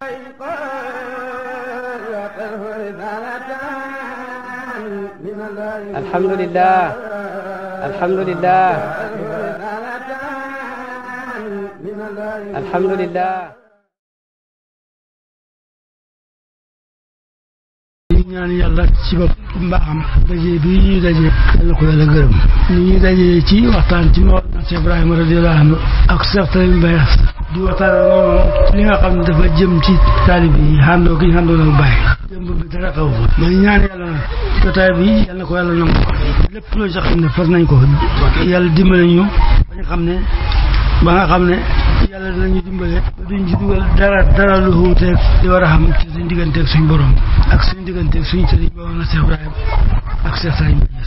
alhamdulilah alhamdulilah alhamdulilah. ñu ñaan yàlla ci bopp mbaam daje bi ñuy daje yàlla ko yàlla gërëm ni ñuy daje ci waxtaan ci Mawlana Cheikh Ibrahima radiyallahu anhu ak Cheikh Talim Baye di waxtaan li nga xam ne dafa jëm ci taalib yi xandoo nag bàyyi jëmb bi dara xaw ma ñaan yàlla jotaay bi yàlla na ko yàlla nangu lépp loo sa xam ne fas nañ ko yàlla dimbale ñu ba nga ne ba xam ne yàlla dinañu dimbale ba duñ ci dugal dara dara lu xuuteeg li war a xam ci suñ digganteeg suñ borom ak suñ digganteeg suñ sëriñ ba woon a Cheikh Ibrahima ak Cheikh Saliou Mbengue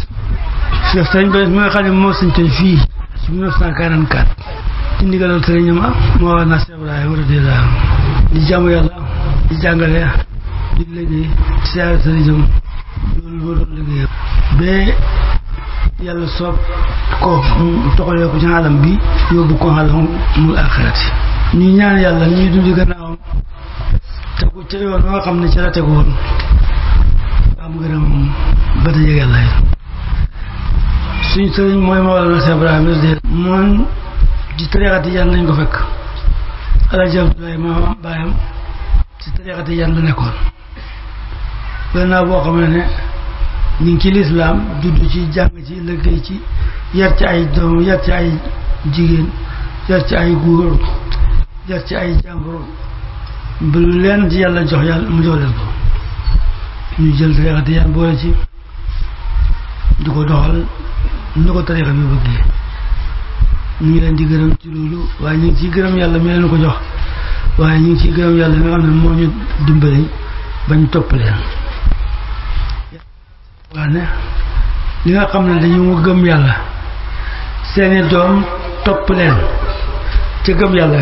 Cheikh Saliou Mbengue mi xam ne moo sëñ fii ci 1944 ci ndigalal sëriñam moo war na Cheikh Ibrahima radiyallahu di jaamu yàlla di jàngale di liggéey siyaare sëriñam loolu moo doon liggéeyam ba yàlla soob ko mu toxalee ci alam bi yóbbu ko alam mu alxirati ñuy ñaan yàlla ñuy dundi gannaawam tegu ca yoon nga xam ne ca tegu woon am gërëm ba dajeeg yàlla yi suñu sëriñ mooy Mawlana Cheikh Ibrahima man ci tariixa Tijaan lañ ko fekk Alaaji Abdoulaye maam baayam ci tariixa yan la nekkoon gannaaw boo xamee ne ñu ngi ci lislaam juddu ci jàng ci liggéey ci yar ci ay doom yar ci ay jigéen yar ci ay góor yar ci ay jàmbur bu leen ci yàlla jox yàlla mu jox leen ko ñu jël tariixa Tijaan boole ci di ko doxal ñu ko tariixa bi bëggee ñu ngi leen di gërëm ci loolu waaye ñu ngi ciy gërëm yàlla mi leen ko jox waaye ñu ngi gërëm yàlla mi moo ñu dimbali bañ topp leen waa ne li nga xam ne dañu gëm yàlla seeni doom topp leen ca gëm yàlla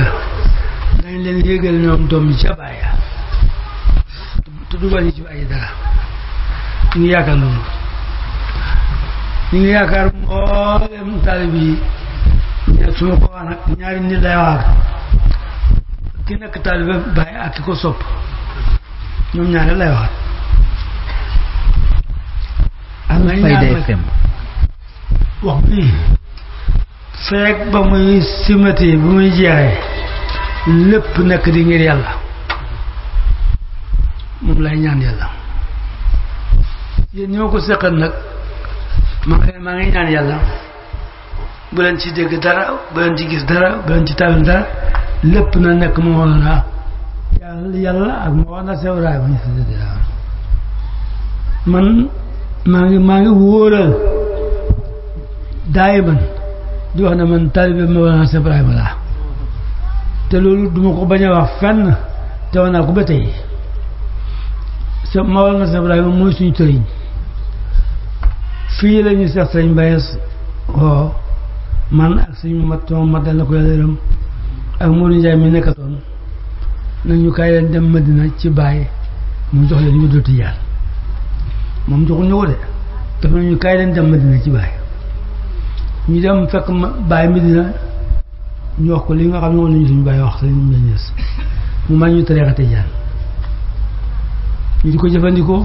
dañ leen yégal ñoom doom yi ca bàyyi te dugal ci ay dara ñu yaakaar loolu ñu ngi yaakaar mbooleem taalib yi su ma ko wax nag ñaari nit lay wax ki nekk taalibe Baay ak ki ko sopp ñoom ñaari lay wax am na ñaar nag wax bii feek ba muy simati bu muy jeexee lépp nekk di ngir yàlla moom lay ñaan yàlla yéen ñoo ko seqal nag maa ngi maa ngi ñaan yàlla bu leen ci dégg dara bu leen ci gis dara bu leen ci tawil dara lépp na nekk Mawlana yàlla ak Mawlana Seex Ibrahima man maa ngi maa ngi wóoral daayiman di wax ne man taalibe Mawlana Seex Ibrahima laa te loolu duma ko bañ a wax fenn te wax naa ko ba tey sa Mawlana Seex Ibrahima mooy suñu tëriñ fii la seex sëriñ Mbaye oo man ak suñu mat toom mat dal na ko yàlla yërëm ak Modou Ndiaye mi nekkatoon nañu kaay leen dem Madina ci Baye mu jox leen wirdul tijaan moom joxul ñu ko de daf nañu kaay leen dem Madina ci Baye ñu dem fekk ma Madina ñu wax ko li nga xam ne moom lañu suñu Baye wax sëñ Ñas mu may ñu tariixa tijaan ñu di ko jëfandikoo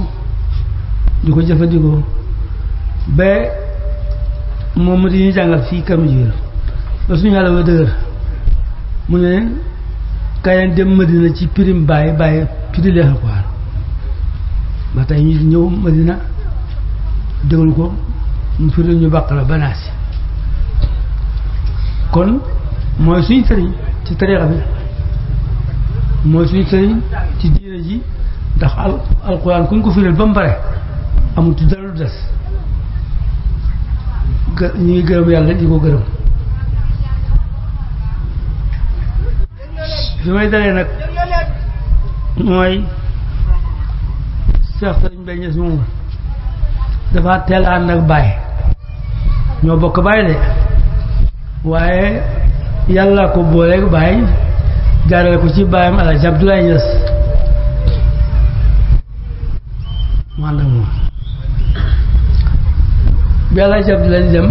di ko jëfandikoo ba moom mu di ñu jàngal fii karu jigéen ba suñu xale ba dëgër mu ne kaay leen dem Madina ci pirim bàyyi bàyyi piri leen alxuraan ba tey ñu ñëw Madina déglu ko mu firi ñu bàq la banaasi kon mooy suñu sëriñ ci tariixa bi mooy suñu sëriñ ci diine ji ndax al alxuraan ku ñu ko firil ba mu pare amut dara lu des ñu ngi gërëm yàlla di ko gërëm bi may dalee nag mooy Seex Sëriñ Bay Ñas moomu dafa teel ànd ak baay ñoo bokk baay de waaye yàlla ko booleeg baay jaarale ko ci baayam Alaaji Abdoulaye Ñas mu ànd ak moom bi El Hadj Abdoulaye di dem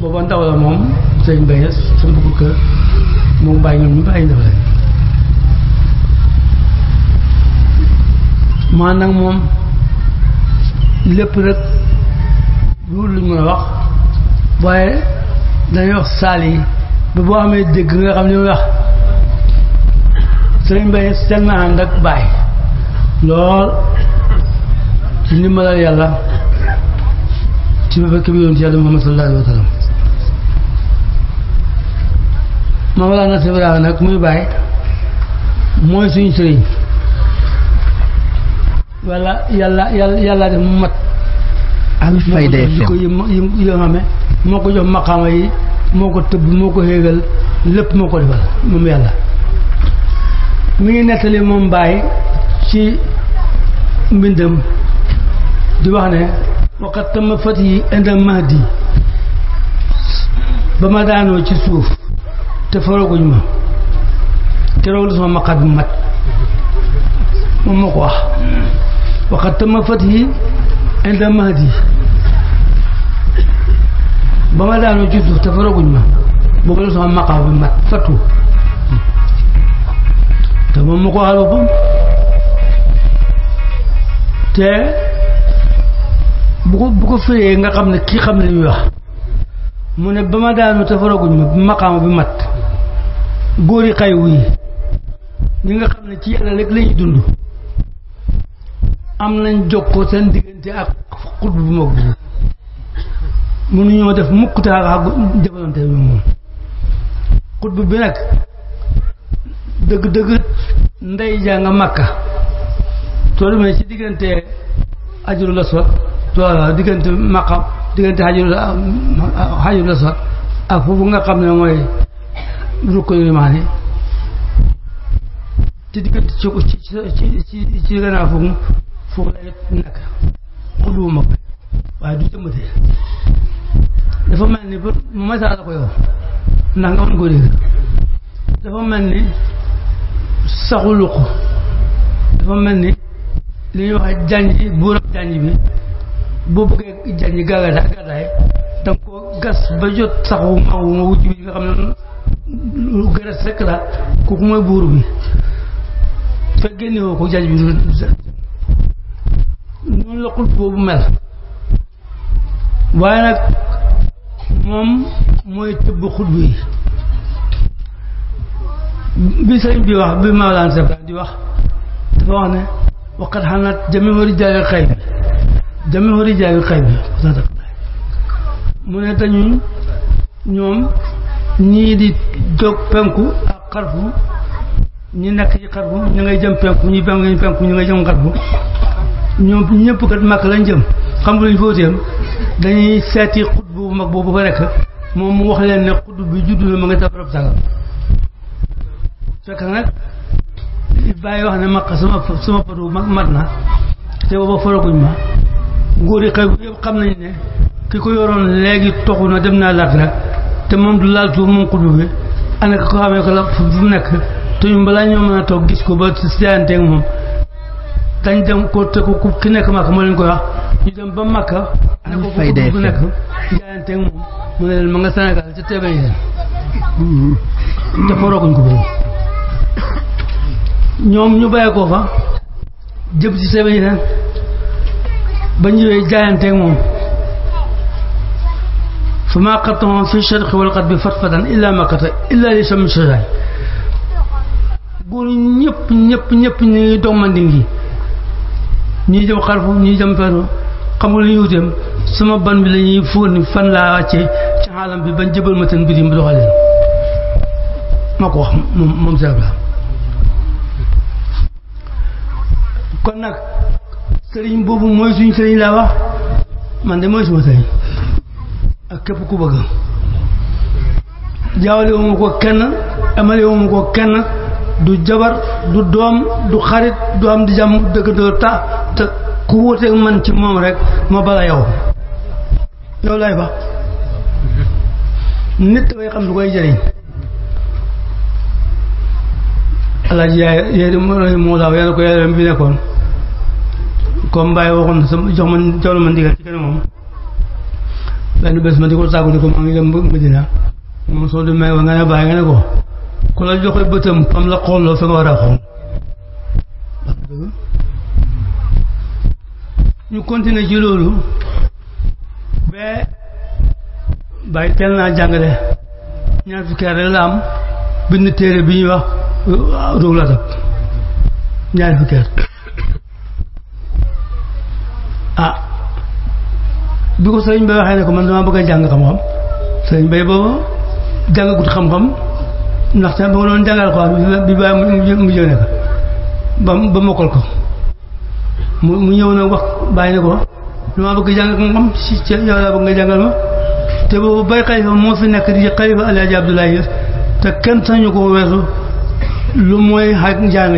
booba ndaw moom sëñ Mbaye sëñ bu kër moom bàyyi ñoom ñu bàyyi ndaw moom lépp rek loolu luñ wax waaye dañuy wax saal yi ba boo amee dégg nga xam li muy wax sëñ Mbaye seen na ànd ak lool ci ndimbalal yàlla ci mébét bi yonent yàlla Muhammad sallallahu alayhi muy bàyyi mooy suñu sëriñ walla yàlla yàlla yàlla mu mat Alfayda FM ko yi yi moo ko jox maqaama yi moo ko tëbb moo ko xéegal lépp moo ko defal moom yàlla mi ngi nettali moom bàyyi ci mbindam di wax ne waqat tama fat yi indal mahdi ba ma daanoo ci suuf te faraguñ ma keroog la sama maqaat bu mat moom moo ko wax waqat tama fat yi indal mahdi ba ma daanoo ci suuf te faraguñ ma boobu la sama maqaat bu mat fatu te moom moo ko waxal boppam te bu ko bu ko firee nga xam ne kii xam ne li muy mu ne ba ma daanu te faraguñ ma maqaama bi mat góor xaywu yi ñi nga xam ne ci yàlla rek lañuy dund am nañ jokkoo seen diggante ak xut bu mag bi mënuñoo def mukk te ak jëfalante bi moom xutb bi nag dëgg-dëgg ndey jaa nga màkka soo demee ci diggante ajurul aswad diggante maqam diggante xajul xajul aswad ak foofu nga xam ne mooy ruknu limaani te diggante ci ci ci ci gannaaw foofu foofu lay nekk xuddu mag waaye du jëmbatee dafa mel ni bu masaa la ko yow ndax nga mën koo dégg dafa mel ni saxu luq dafa mel ni li ñuy bi boo bëggee jàngi gàllada gàddaay da nga ko gas ba jot saxu maw ma wujj bi nga xam ne lu gën a sekk la kooku mooy buur bi fekk génne woo ko jànj bi noonu la xulf boobu mel waaye nag moom mooy tëbb xutb yi bi sëriñ bi wax bi Mawlana Seex di wax dafa wax ne waqat xanat jami wari jàll xay bi jame wari xay bi mu ne dañuy ñoom ñii di jóg penku ak xarfu ñi nekk ci xarfu ñu ngay jëm penku ñi penku ñu penku ñu ngay jëm xarfu ñoom ñëpp kat màkk lañ jëm xam nga lu ñu fóoteem dañuy seeti xut bu mag boobu fa rekk moom mu wax leen ne xut bi juddu na ma nga def rab sàngam fekk nag bàyyi wax ne màkk sama sama patu mag mat na te booba foroguñ ma góor yi xew yëpp xam nañu ne ki ko yoroon léegi toxu na dem naa laat nag te moom du laal suuf moom xuddu bi ana ko xamee ko la fu mu nekk te ñu balaa ñoo a toog gis ko ba seenteeg ko te ku ki nekk Màkka moo leen koy wax ñu dem ba Màkka ana ko ku nekk jaayanteeg moom mu ne leen ma nga Sénégal ca teebay yéen mm-hmm. te forooguñ ko boobu ñoom ñu bàyyi ko fa jëm ci teebay yéen ba ñëwee jaayanteeg moom fa maa xattamom fi sharqi wal xat bi fatfatan illa makkata illa li sami sajaay góor ñëpp ñëpp ñëpp ñu ngi dog mandi ngi ñuy jëm xarfu ñuy jëm feetu xamul li sama ban bi la ñuy fóoni fan laa wàccee ci xaalam bi bañ jëbal ma seen mbir mu doxaleen maa ko wax moom moom seebla kon nag sëriñ boobu mooy suñu sëriñ laa wax man de mooy suma sëriñ ak képp ku bëgg jaawale ko kenn amale wu ma ko kenn du jabar du doom du xarit du am di jàmm dëggandoo ta te ku wuteeg man ci moom rek ma bala yow yow laay ba nit dafay xam lu koy jariñ alaaji yaay yaay moo daaw yàlla ko yàlla bi nekkoon comme Baye waxoon sama jox ma jox ma ndigal ma di ko sàkku di ko maa ngi dem Medina moom soo demee ba nga ne Baye nga ne ko ku la joxe bëtam fam la xooloo fi nga war a xool ñu continuer ci loolu ba Baye teel naa jàngale ñaar fukki at rek la am bind téere bi ñuy wax uh, ruulatak ñaar fukki at bi ko sëriñ a jàng xam-xam sëriñ bay boobu jàngagut xam-xam ndaxte ba nga doon jàngal ko bi bàyyi mu ba ko mu mu ñëw na bàyyi ko damaa bëgg jàng xam-xam boobu nekk di kenn sañu ko lu mooy xaj njaa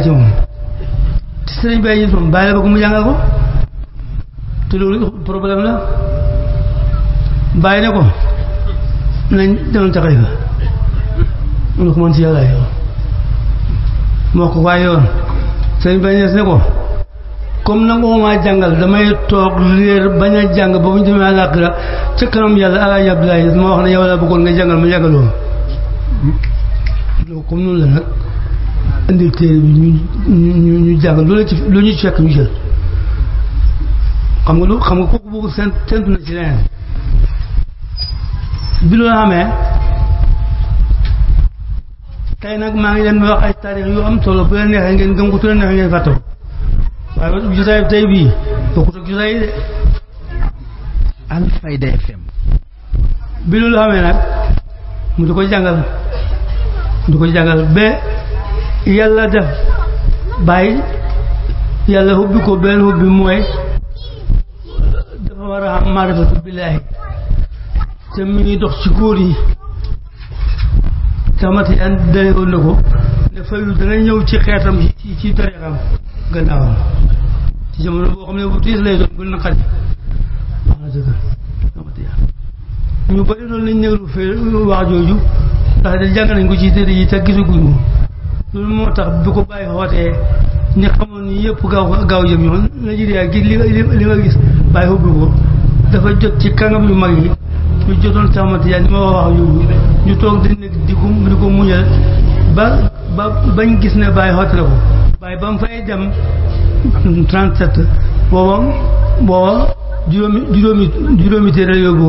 jàngal ko te loolu problème la bàyyi ne ko nañ demoon ca xalifa mu ne ko man ci yàlla yoon moo ko waaye yoon sëñ bañ ne ko comme nangoo maa jàngal damay toog réer bañ a jàng ba bu ñu demee àllaaxira ca kanam yàlla alaaji Abdoulaye ma wax ne yow laa bëggoon nga jàngal ma jàngaloo ma comme noonu la nag bi ñu ñu ñu jàngal loolu ci fekk ñu jël xam nga lu xam nga kooku boobu seen tentu na ci bi loolu amee tey nag maa ngi leen di wax ay taarix yu am solo bu leen neexee ngeen gëm ko tu leen neexee ngeen fàtte ko waaye jotaay tey bii bokkut ak jotaay de Alfayda FM bi loolu amee nag mu di ko jàngal du ko jàngal ba yàlla def bàyyi yàlla hubbi ko benn hubbi mooy dafa war a am maarifatu billaahi te mi ngi dox ci góor yi tamati an dayoon na ko ne fayu dana ñëw ci xeetam ci ci tarixam gannaawam ci jamono boo xam ne bu diis lay doon bu naqari ñu bëri noonu lañ néeglu fee wax jooju ndax de jàng nañ ko ci téere yi te gisaguñ ko loolu moo tax bu ko bàyyi xootee ñi xamoon ni yëpp gaaw gaaw jëm ñoon Nigeria gi li li ma gis bàyyi xubbi ko dafa jot ci kanam yu mag yi ku jotoon sama tijaan li ma wax wax yooyu ñu toog di nekk di ko di ko muñal ba ba bañ gis ne bàyyi xotti la ko waaye ba mu fay dem 37 booba booba juróomi juróomi juróomi téere yóbbu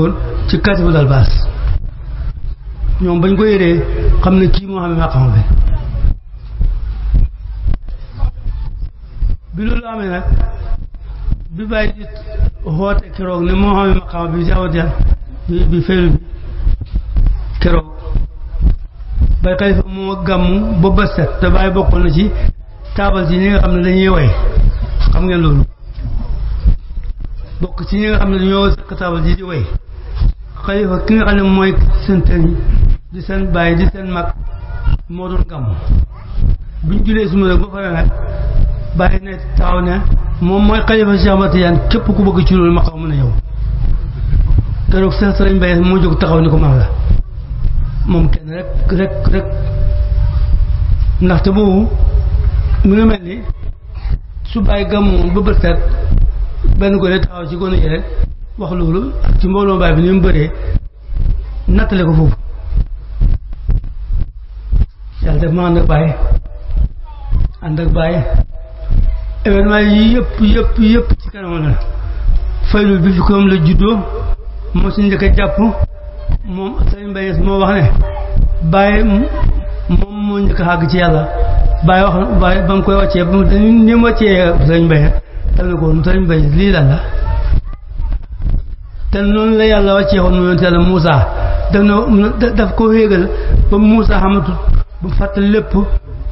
ci kàtt dal baas ñoom bañ ko yéree xam ne kii moo xam ne xam bi bi loolu amee nag bi bàyyi xoote keroog ne moo xam ma xam bi si awat bi bi feeñu bi keroog bay xalifa moo gàmm ba bët set te bàyyi bokkoon na ci taabal ci ñi nga xam ne dañuy way xam ngeen loolu bokk ci ñi nga xam ne dañoo sëkk taabal ji di way xalifa ki nga xam ne mooy seen tëñ di seen bàyyi di seen mag moo doon gàmm bu ñu suma rek ba pare bàyyi ne taxaw ne moom mooy xalifa Cheikh Ahmad Tidiane képp ku bëgg ci loolu ma xaw mën a yow keroog seen sëriñ Mbaye moo jóg taxaw ni ko man la moom kenn rek rek rek ndaxte boobu mu ngi mel ni su bàyyi gàmmoon ba bët set benn gone taxaw ci gone yi wax loolu ak ci mbooloo baay bi ni mu bëree nattale ko foofu yàlla def ma ànd ak bàyyi ànd ak bàyyi événement yi yëpp yëpp yëpp ci kanam la faylu bi fi comme la juddoo moo si njëkk a jàpp moom sëñ Mbaye moo wax ne Baye moom moo njëkk a àgg ci yàlla Baye wax Baye ba mu koy wàccee ba mu ni mu wàccee sëñ Mbaye lii lan la te la yàlla wàccee woon mu yonte yàlla Moussa daf ko wéegal ba Moussa xamatul bu fàttali lépp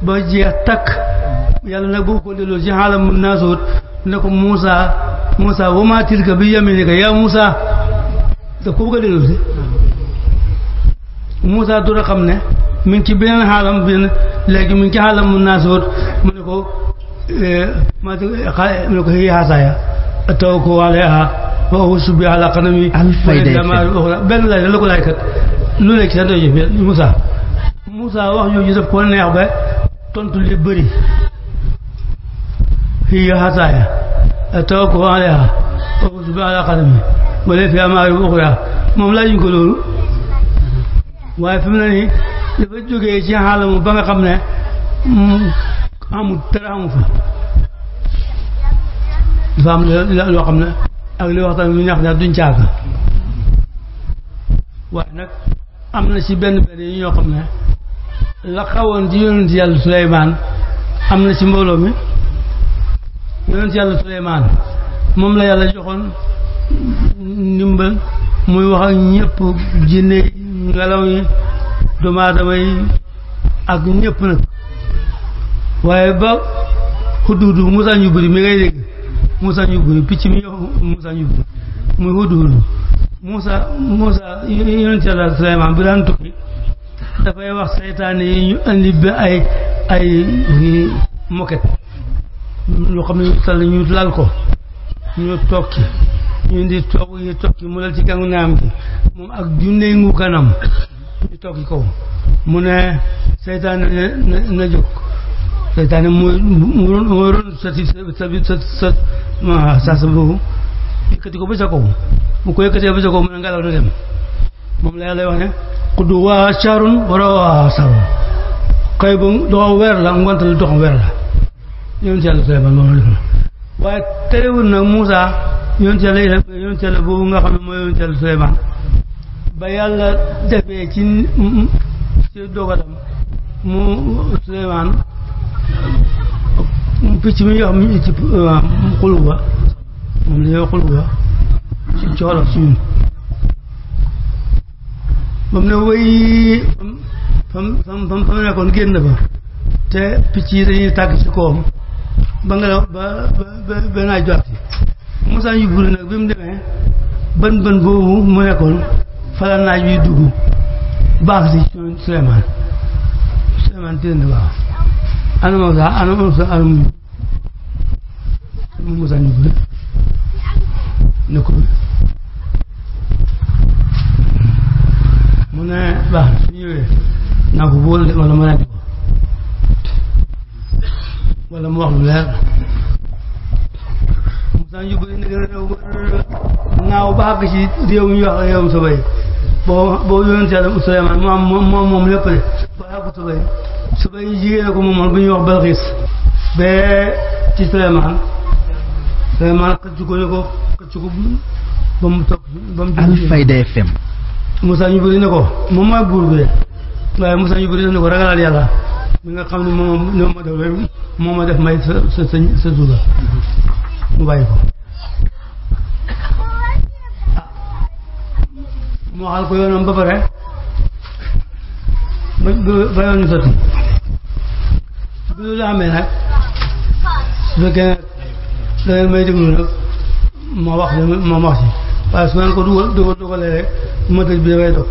ba jeex takk yàlla nag boo ko delloo ci xaalam mu naasut ne ko Moussa Moussa wa maa tilka bi yaminika yaa Moussa da ko bëgg a si Moussa dura xam ne mu ngi ci beneen xaalam bi léegi mu ngi ci xaalam mu naasuwat mu ne ko eh, ma eh, mu ne ko hiya wa ahussu bihaa alaa ganami benn laaj la ko laaj kat lu nekk ci daf ko neex ba tontu li bëri hiya hasaaya atawakkalu alayhaa wa ahussu bihaa alaa ganami wala fi amaari uxra moom laajuñ ko waaye fi mu ne nii dafa jógee ci xaalamu ba nga xam ne mm, amul dara amu fa dafa am loo xam ne ak li waxtaan lu ñax ne duñ caag waaye nag am na ci benn benn yi ñoo xam ne la xawoon ci yonent yàlla Suleymaan am na ci mbooloo mi yonent yàlla Suleymaan moom la yàlla joxoon ndimbal muy wax ak ñëpp jinne yi doomu aadama yi ak ñëpp nag waaye ba hudhudu Moussa Ndioubri mi ngay dégg Moussa Ndioubri picc mi yow Moussa Ndioubri muy hudhudu Moussa Moussa yonent Yàlla dafay wax seytaane yi ñu andi ay ay moket loo xam ne tal ñu lal ko ñu tokki ñu di toog yi tokki mu lal ci kangu naam gi moom ak junney ngu kanam ñu tokki kaw mu ne seytaane na na jóg seytaane mooy mooy ron sa sa sa sa yëkkati ko ba sa kaw ko yëkkatee ba sa kaw mu ne ngelaw na dem moom la yàlla wax ne xuddu waa sarun wara waa sarun xëy ba doxam weer la ngont la doxam weer la yonent yàlla Suleymaan moom la def na waaye terewul nag Muusaa yonent yàlla itam boobu nga xam ne mooy yonent yàlla Suleymaan ba yàlla defee ci ci dogalam mu Suleymaan picc mi yoo ci xulub ba moom la ñoo xulub ba ci coolof ci ñun ba mu ne fam fam fam fam nekkoon génn ba te picc yi dañuy tàgg ci kawam ba nga la ba ba ba naa jot mosaan yu buri nag bi mu demee bën bën boobu mu nekkoon fala naaj bi dugg baax si Souleymane Souleymane téye na waaw ana Moussa ana Moussa ana mu Moussa ñu buri ne ko mu ne baax su ñëwee naa ko wóor wala mu rend ko wala mu wax lu daan yu bëri nag réew naaw ba àgg ci réew mi ñuy wax réewum Subay boo boo yonent Yàlla Suleymaan mu am moom moom lépp de ba àgg Subay Subay ñu jigéen a ko moomoon bu ñuy wax Balxiis ba ci Suleymaan Suleymaan xëcc ko ne ko xëcc ko ba mu toog ba mu Alfayda FM Moussa ñu bëri ne ko moom mooy buur bi de waaye Moussa ñu bëri ne ko ragalal Yàlla mi nga xam ne moom moo ma def moom ma def may sa sa sa mu bàyyi ko mu waxal ko yoonam ba pare ba ba yoon sotti bu loolu amee nag su fekkee nag da may déglu nag ma wax de wax ci waaye su ngeen ko dugal dugal dugalee ma tëj bi dafay dog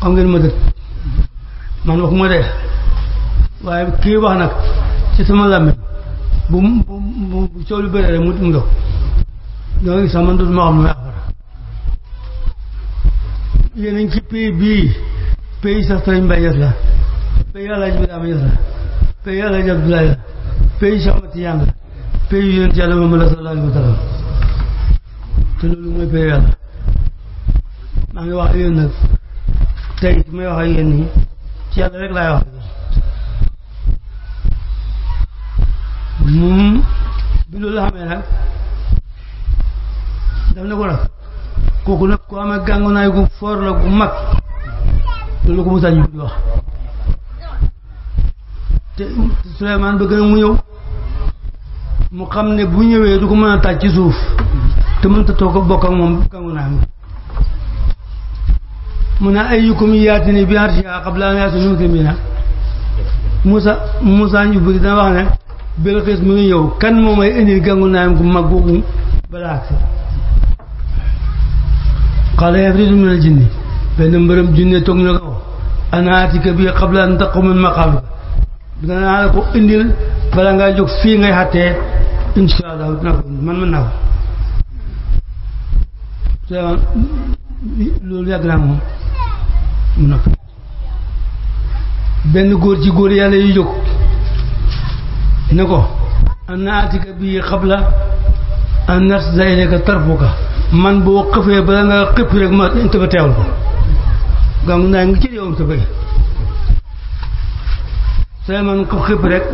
xam ngeen ma tëj man waxuma de waaye kii wax nag ci sama làmmiñ bu mu bu mu bu coow lu bëree rek mu mu dox doo ngi sax man dootuma xam ne may afara yéen a ngi ci pays bii pays sax tey Mbaye Niass la pays Alaaji Birama Niass la pays Alaaji Abdoulaye la pays Cheikh Ahmad Tijaan la pays yonent Yàlla Muhammad sallallaahu alayhi wa sallam te loolu mooy pays yàlla maa ngi wax ak yéen nag tey may wax ak yéen nii ci yàlla rek laay wax Hmm. bi loolu xamee nag daf ne ko nag kooku nag ku amee gàngunaay gu foor la gu mag loolu ko Moussa ñu di wax te Souleymane bëgg na mu ñëw mu xam ne bu ñëwee du ko mën a tàj ci suuf te mënta toog a bokk ak moom gàngunaay mi mu ne ayyukum yaatini bi arshihaa qabla an yaati Musa Musa Musa ñu bëgg dana wax ne Bilqis mu ngi ñëw kan moom ay indil gàngu gu mag googu balaa agsi qaala yaa ifriitu mina al benn mbërëm junne toog na ko ana aatika bihi qabla an taquma min maqaamika dina naa la ko indil balaa ngaa jóg fii ngay xàttee insha allah man naa ko loolu yàgg naa moom benn góor ci góor yàlla yu jóg ne ko an naatika bii xabla an narsa ilayka tarfuka man boo xëfee ba nga xëpp rek ma tëba teewal ko gangu naa ngi ci yow tëba say man ko xëpp rek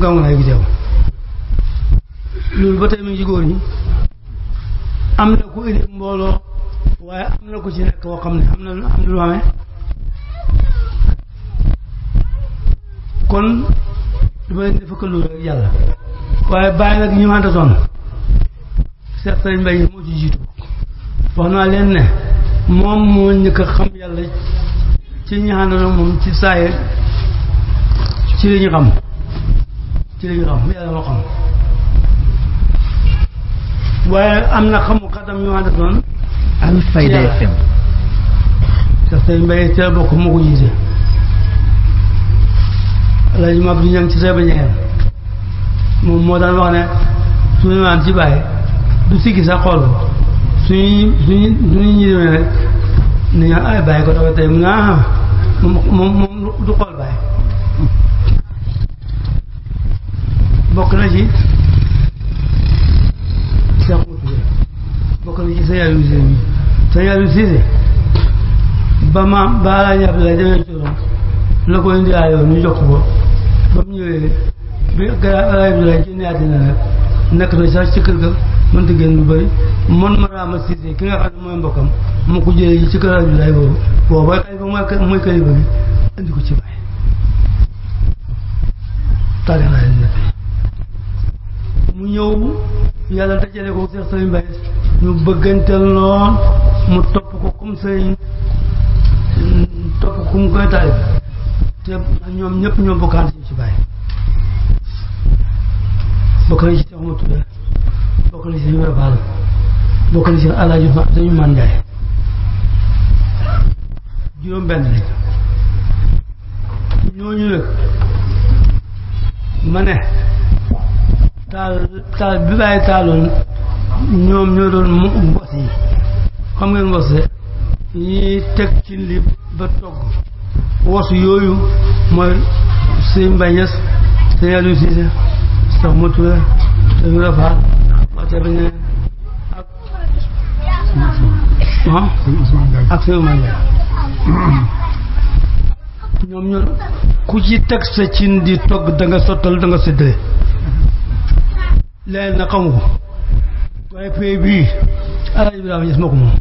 gangu naa ngi teew loolu ba tey mi ngi ci góor ñi am na ku indi mbooloo waaye am na ku ci nekk boo xam ne am na lu amee kon su ma leen di fëkkaloo yàlla waaye bàyyi nag ñi ma àndatoon Seex Sëriñ Mbay moo ci jiitu wax naa leen ne moom moo njëkk xam yàlla ci ñi àndatoon moom ci saaye ci li ñu xam ci li ñu xam yàlla moo xam waaye am na xamu xatam ñu àndatoon Alfayda FM Seex Sëriñ Mbay ca bokk moo ko jiite alaaji ma abdu ñang ci seeba ñangeen moom moo daan wax ne suñu naan ci bàyyi du siggi sa xool suñu suñu suñu ñi demee rek ni ñaan ay bàyyi ko dafa tey mu ne ah, moom moom du xool bàyyi bokk na ci Seex Mutu bokk na ci sa yàllu Siise bi sa yàllu Siise ba maam ba alaaji Abdoulaye demee Coro la ko indi ba mu ñëwee bi gannaaw alaay bi laay àddina nekk na sax ci kër ga mënta génn lu bëri man maraama siise ki nga xam ne mooy mbokkam mu ko jëlee ci kër alaay bi laay boobu boobu ba kay mooy kalifa bi indi ko ci bàyyi mu ñëw yàlla dajale ko Seex Sëriñ Baye ñu bëggante lool mu topp ko comme sëriñ topp ko mu koy taalif te ñoom ñëpp ñoom bokkaan ci ci bàyyi bokk na ci Cheikh Oumar Touré bokk na ci Cheikh Ibrahima Fall bokk na ci Alaaji juróom benn lañ ñooñu nag ma ne taal taal bi bàyyi taaloon ñoom ñoo doon mbos yi xam ngeen mbos yi ñuy teg ci li ba togg woosu yooyu mooy sëñ Mbaye Niass sëñ Aliou Cissé sax mu tudd dañu rafet waxte ne ak ah ak sëñ Ousmane ñoom ku ci teg sa cin di togg da nga sottal da nga leen na xamu ko waaye pay bii Alaaji Ibrahima Niass moo ko moom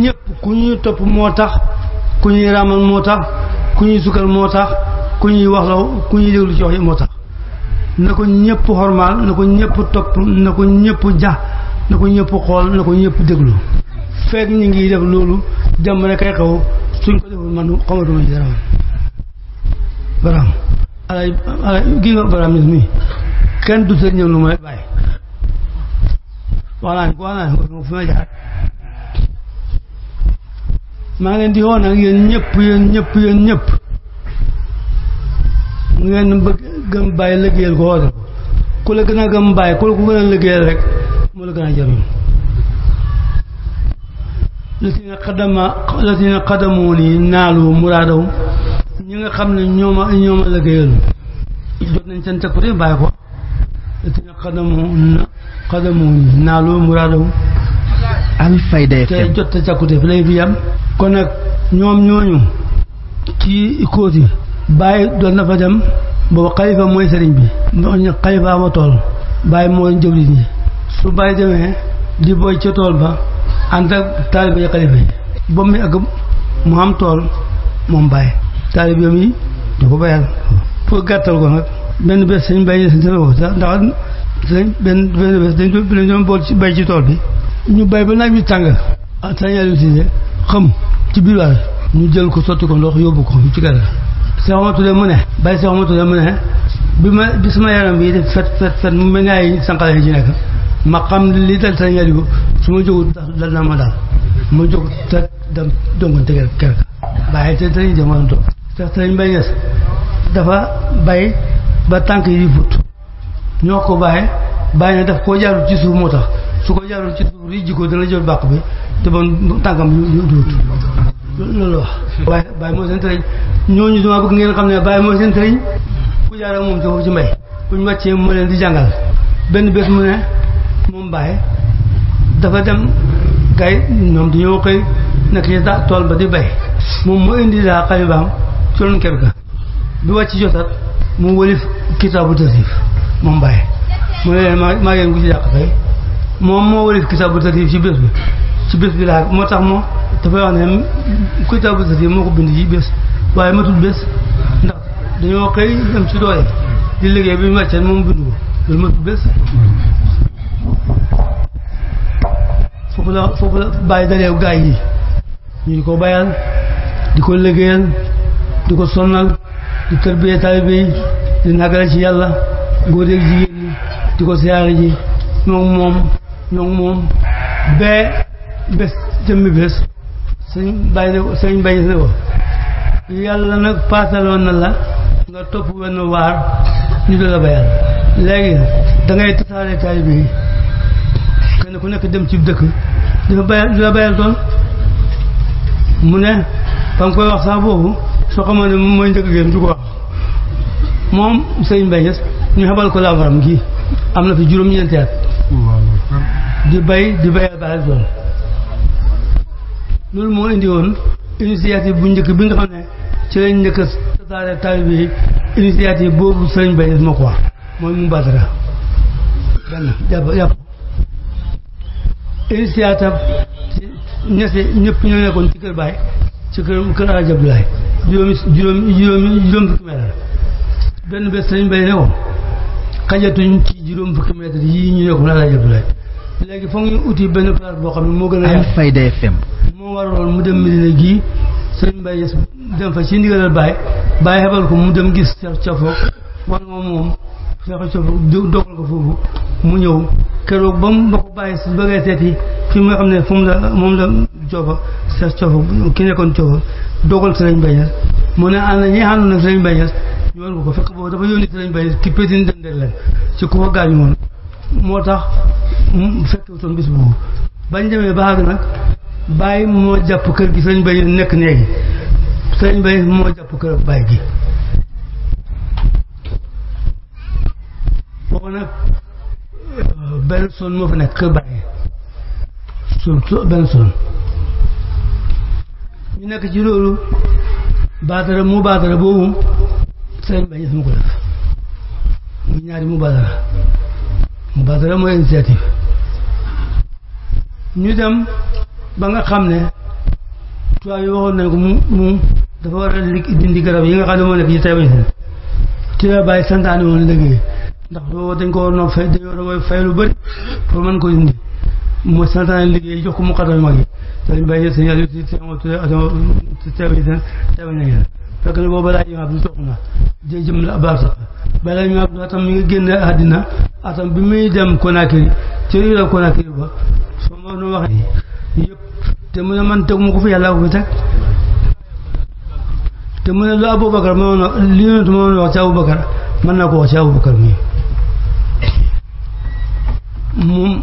ñëpp ku ñuy topp moo tax ku ñuy raamal moo tax ku ñuy sukkal moo tax ku ñuy wax ku ñuy déglu ci wax yi moo tax na ko ñëpp xormaal na ko ñëpp topp na ko ñëpp ja na ko ñëpp xool na ko ñëpp déglu fekk ñu ngi def loolu jàmm rek ay xaw suñ ko deful man xamatuma ci dara baraam alay alay gi nga baraam nit kenn du sëriñam lu ma bàyyi wax naa ne wax naa jaar maa leen di woon ak yéen ñëpp yéen ñëpp yéen ñëpp ngeen bëgg gëm bàyyi liggéeyal ko woote ko ku la gën a gëm bàyyi ku la ko gën a liggéeyal rek moo la gën a jariñ latina xadama latina xadamoo ni naalu muraadaw ñi nga xam ne ñooma ñooma liggéeyal jot nañ seen tekkute bàyyi ko latina xadamoo xadamoo ni naalu muraadaw Alfayda FM te jot sa tekkute fi lay fi yam kon nag ñoom ñooñu ci kóoti bàyyi doon na fa dem boobu xalifa mooy sëriñ bi ñooñu xalifa ma tool bàyyi moo doon jëwriñ yi su bàyyi demee di boy ca tool ba ànd ak taalibe yi xalifa yi boobu mi ak mu am tool moom bàyyi taalibe yom yi ñoo ko bayal pour gàttal ko nag benn bés sëñ bàyyi sëñ ko ndax sëñ benn benn bés dañ doon bool ci bay ci tool bi ñu bay ba naaj bi tàng ah Sénégal utilisé xam ci biir waay ñu jël ko sotti ko ndox yóbbu ko ci kër Cheikh Omar mu ne bàyyi Cheikh Omar mu ne bi ma bi sama yaram bi def fet fet fet mu mel ni sànqale yi ci nekk ma xam li dal Sénégal yu su ma jógul dal naa ma daal ma jóg te dem dongante kër kër bàyyi te dañuy dem wala toog te sëriñ dafa bay ba tànk yi di fut ñoo ko bàyyi bàyyi na daf ko jaarul ci suuf su ko jaaroon ci suuf rii jikko dana jël bàq bi te bon tànkam yu duut loolu wax baay baay mooy seen tëriñ ñooñu dama bëgg ngeen xam ne baay mooy seen tëriñ ku jaar moom ci foofu ci mbay bu moo leen di jàngal benn bés mu ne moom baay dafa dem ñoom dañoo ci tool ba di bay moom mu indi daa xalibaam ci doon kër ga bi wàcc jotat mu wëlif kitaabu tasif moom mu leen maa ngeen ku ci yàq fay moom moo walif kitaabu tartiib ci bés ci bés bila laa moo tax moom dafay wax ne kitaabu tartiib moo ko bind ci bés waaye matul bés ndax dañoo ci doole di liggéey bi ñu wàccee moom bindu ko loolu matul bés foofu la foofu la di ko bayal di ko liggéeyal di ko sonnal di tërbiyee taalibe yi di nagale ci yàlla góor ak di ko siyaare moom moom ñoo ngi moom bee bés jëmmi bés sëñ bàyyi ne sëñ bàyyi ne ko yàlla nag paasaloon na la nga topp wenn waar ñu dala bayal léegi da ngay tasaare taay bi kenn ku nekk dem ci dëkk dafa bayal di la bayal doon mu ne ba nga koy wax sax boobu soo xamoon ne moom mooy njëkk géen du ko wax moom sëñ Mbaye ñu xebal ko laabaram gi am na fi juróom-ñeenti at di bay di bayal baax zone loolu moo indi woon initiative bu njëkk bi xam ne ci lañ njëkk a tasaare taalibe yi initiative boobu sëriñ bay def ma ko wax mooy mu badara benn jàpp initiative ñese ñëpp ñoo nekkoon ci kër baay ci kër kër Alaaji Abdoulaye juróomi juróomi juróomi juróomi benn bés sëriñ bay ne woon xajatuñ ci juróom fukki mètre yii ñu nekk laa la jëbale léegi foog ñu uti benn place boo xam ne moo gën a Alfayda FM moo waroon mu dem Medina gii sëñ Mbaye Niass ci ndigalal Baye Baye xebal ko mu dem gis Cheikh Thiafouk wan moom mu ñëw keroog ba mu ba ko bàyyi si bëggee seeti fi mu xam ne fu la moom la joofa Cheikh Thiafouk ki nekkoon joofa dogal sëñ Mbaye Niass moo ne ànd ñi àndoon ak sëñ Mbaye ñu war ko fekk boobu dafa yónni lañ bay ki pétin la leen ci ku fa gaañu woon moo tax fekkewutoon bis boobu bañ demee ba àgg nag bàyyi moo jàpp kër gi sëñ bay nekk néegi sëñ bay moo jàpp kër bàyyi gi boobu nag euh, benn son moo fa nekk kër bàyyi son benn son ñu nekk ci loolu baatara mu baatara boobu sëriñ Baye Niass moo ko def muy ñaari mubadara mubadara mooy initiative ñu dem ba nga xam ne tubaab yi waxoon nañ ko mu mu dafa war a dindi garab yi nga xam ne moo nekk ci Taïba Niassène woon liggéey ndax loolu dañ ko war a fay dañoo war fay lu bëri pour mën ko dindi mooy santaane liggéey jox ko mu xatal mag yi sëriñ Baye Niass fekk na boobu balaa imaam bi toog na jëm na Ababacar balaa imaam bi atam mi ngi génne àddina atam bi muy dem Conakry ci réew la Conakry ba soo ma nu wax ni yëpp te mu man tegu ma ko fi yàlla ko fi teg te mu ne lu Aboubacar ma woon li yonent ma woon wax ci Aboubacar mën naa ko wax ci Aboubacar mii moom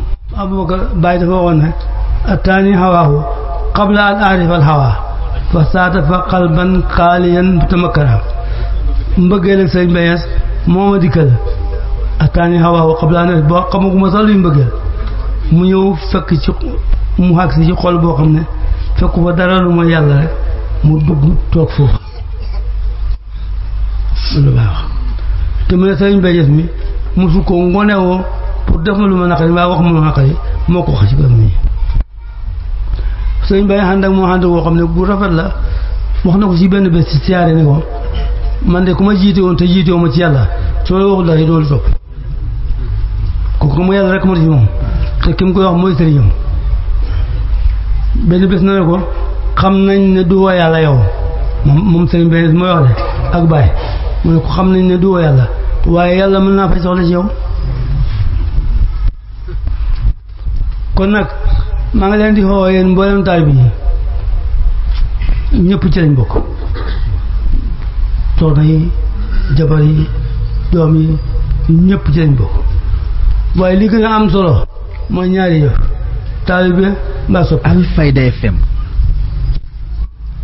an aarifa al hawaa fa saata fa xalban xaaliyan tamakkara mbëggeel ak sëñ Beñes moo ma dikkal ataani hawa wa qabla an boo xamaguma sax luy mbëggeel mu ñëw fekk ci mu xag ci xol boo xam ne fekku fa dara lu ma yàlla rek mu dugg toog foofu te mu ne sëñ Beñes mi mosu ko ngonewoo pour def ma lu ma naqari waaye wax ma naqari moo ko wax ci ba mu nii sëñ Baye ànd ak moo ànd woo xam ne bu rafet la wax na ko ci benn bés ci siyaare ne ko man de ku ma jiite woon te jiite woo ma ci yàlla su ma la waxul dara doolu topp kooku mu yàlla moom te ki na ko xam nañ ne du woo yàlla yow moom moom sëriñ Baye mooy xam nañ ne du woo yàlla waaye yàlla mën naa fay soxla ci yow kon nag maa ngi leen di xoo yéen mboolem taal bi ñëpp ci lañ bokk soxna yi jabar yi doom yi ñëpp ci lañ bokk waaye li gën a am solo mooy ñaari yëf taalibe mbaa sopp Alfayda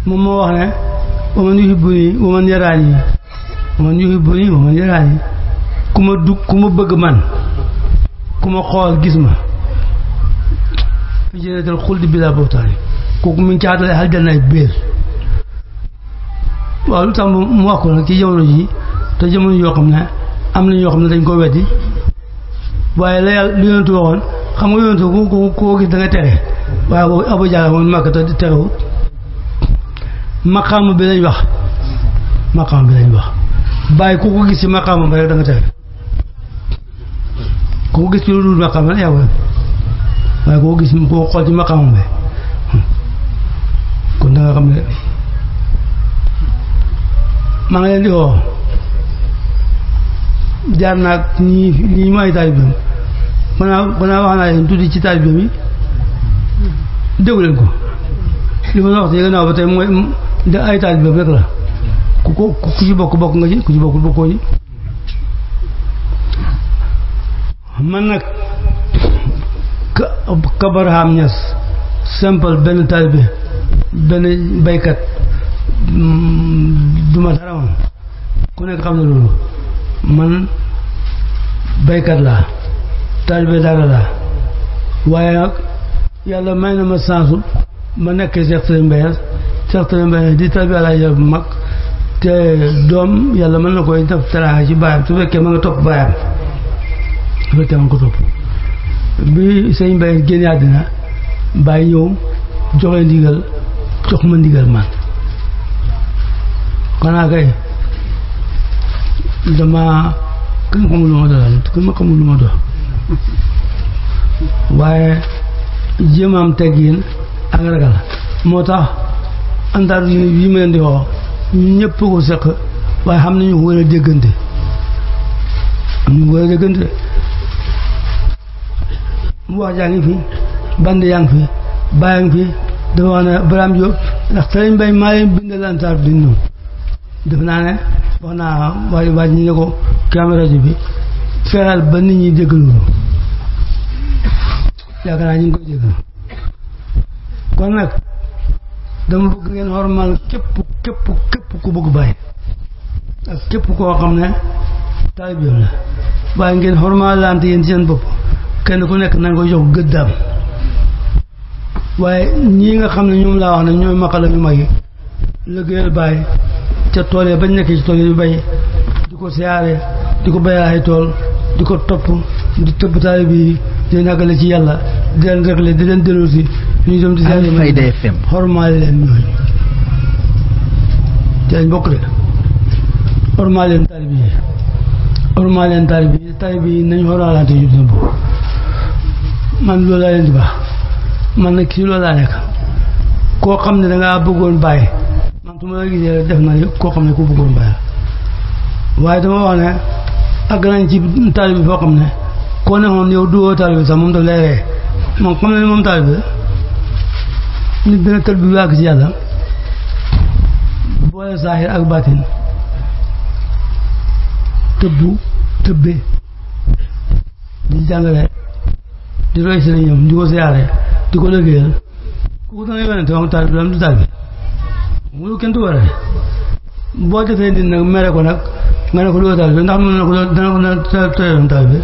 moom moo wax ne wa man yuhibbunii wa man yaraanii wa man yuhibbunii wa man yaraanii ku ma dugg ku ma bëgg man ku ma xool gis ma fi jëletal xuldi bi laa buxtaani kooku mu ngi caatale xal jannaay béel waaw lu tax mu wax ko nag ci jamono ji te jamono yoo xam ne am na ñoo xam ne dañ ko weddi waaye la yàlla lu yonentu waxoon xam nga yonentu ku koo gis da tere waaye boobu Abu Jahl moom te terewut maqaama bi lañ wax maqaama bi lañ wax bàyyi ku ko gis ci maqaama ba rek da nga tere ku ko gis ci lu dul maqaama la yaa waaye koo gis koo xool ci maqaamam bi kon da xam ne maa ngi leen di woo jaar naag ñii ñii mu ay taalibeem banaa banaa wax naa leen tuuti ci taalibeem yi déglu ko li ma la wax te gannaaw ba tey mooy da ay taalibeem rek la ku ko ku ci bokk bokk nga ci ku ci bokkul bokkoo ci man nag kabaraham ñas simple benn talibé benn baykat mm, duma dara ku nekk xam na loolu man baykat la talibé dara laa waaye nag yàlla may na ma sansu ma nekk Cheikh Sëriñ Mbaye Cheikh Sëriñ Mbaye di talibé bu mag te doom yàlla mën na koy def teraanga ci baayam su fekkee ma nga topp baayam su fekkee ma nga ko topp bi sëñ Mbaye génne àddina bàyyi ñëw joxe ndigal jox ma ndigal man xanaa kay dama kenn xamul lu ma doon kenn xamul lu ma doon waaye jéem am teggin ak ragal moo tax antaar yi ma leen di wax ñun ñëpp ko seq waaye xam nañu ko war a déggante am nañu ko war a déggante wax jaa ngi fi band yaa ngi fi bàyyaa fi dafa wax ne Baraam Jóob ndax tëriñ bay maa leen bindal ansaar bi noonu def naa ne wax naa waaj waaj ñi ne ko kaam rajo bi fexeel ba nit ñi dégg loolu yaakaar naa ñu ngi koy dégg nag dama bëgg ngeen xormal képp képp képp ku bëgg bàyyi ak képp koo xam ne taalib yoon ngeen waaye ngeen xormalante yéen seen bopp kenn ku nekk nañ ko jox gëddaam waaye ñii nga xam ne ñoom laa wax ne ñooy maqalam yu mag yi liggéeyal bàyyi ca tool ya bañ nekkee ci tool yu bay di ko siyaare di ko bayal tool di ko topp di tëbb taalibe yi di leen àggale ci yàlla di leen réglé di leen delloo si ñuy dem di Alfayda FM xormaale leen ñooñu te dañ bokk de xormaale leen yi xormaale leen yi taalibe yi nañu xormaalaante ñu dina bokk man loolu laa leen di baax man nag kii loolu laa nekk koo xam ne dangaa bëggoon bàyyi man su ma la gisee def na koo xam ne ku bëggoon bàyyi waaye dama wax ne àgg nañ ci taalibe bi foo xam ne koo nekkoon yow duwoo taalibe sax moom daf lay ree moom xam ne moom taalibe nit benn taalibe bi àgg ci boole saahir ak baatin tëbbu tëbbee di jàngale di roy sëriñam di ko siyaare di ko liggéeyal kooku da ngay werante am taal bi du am du taal bi mu boo jotee nit mere ko nag nga ne ko doo taal bi na ko doo dana ko dana teyoon taal bi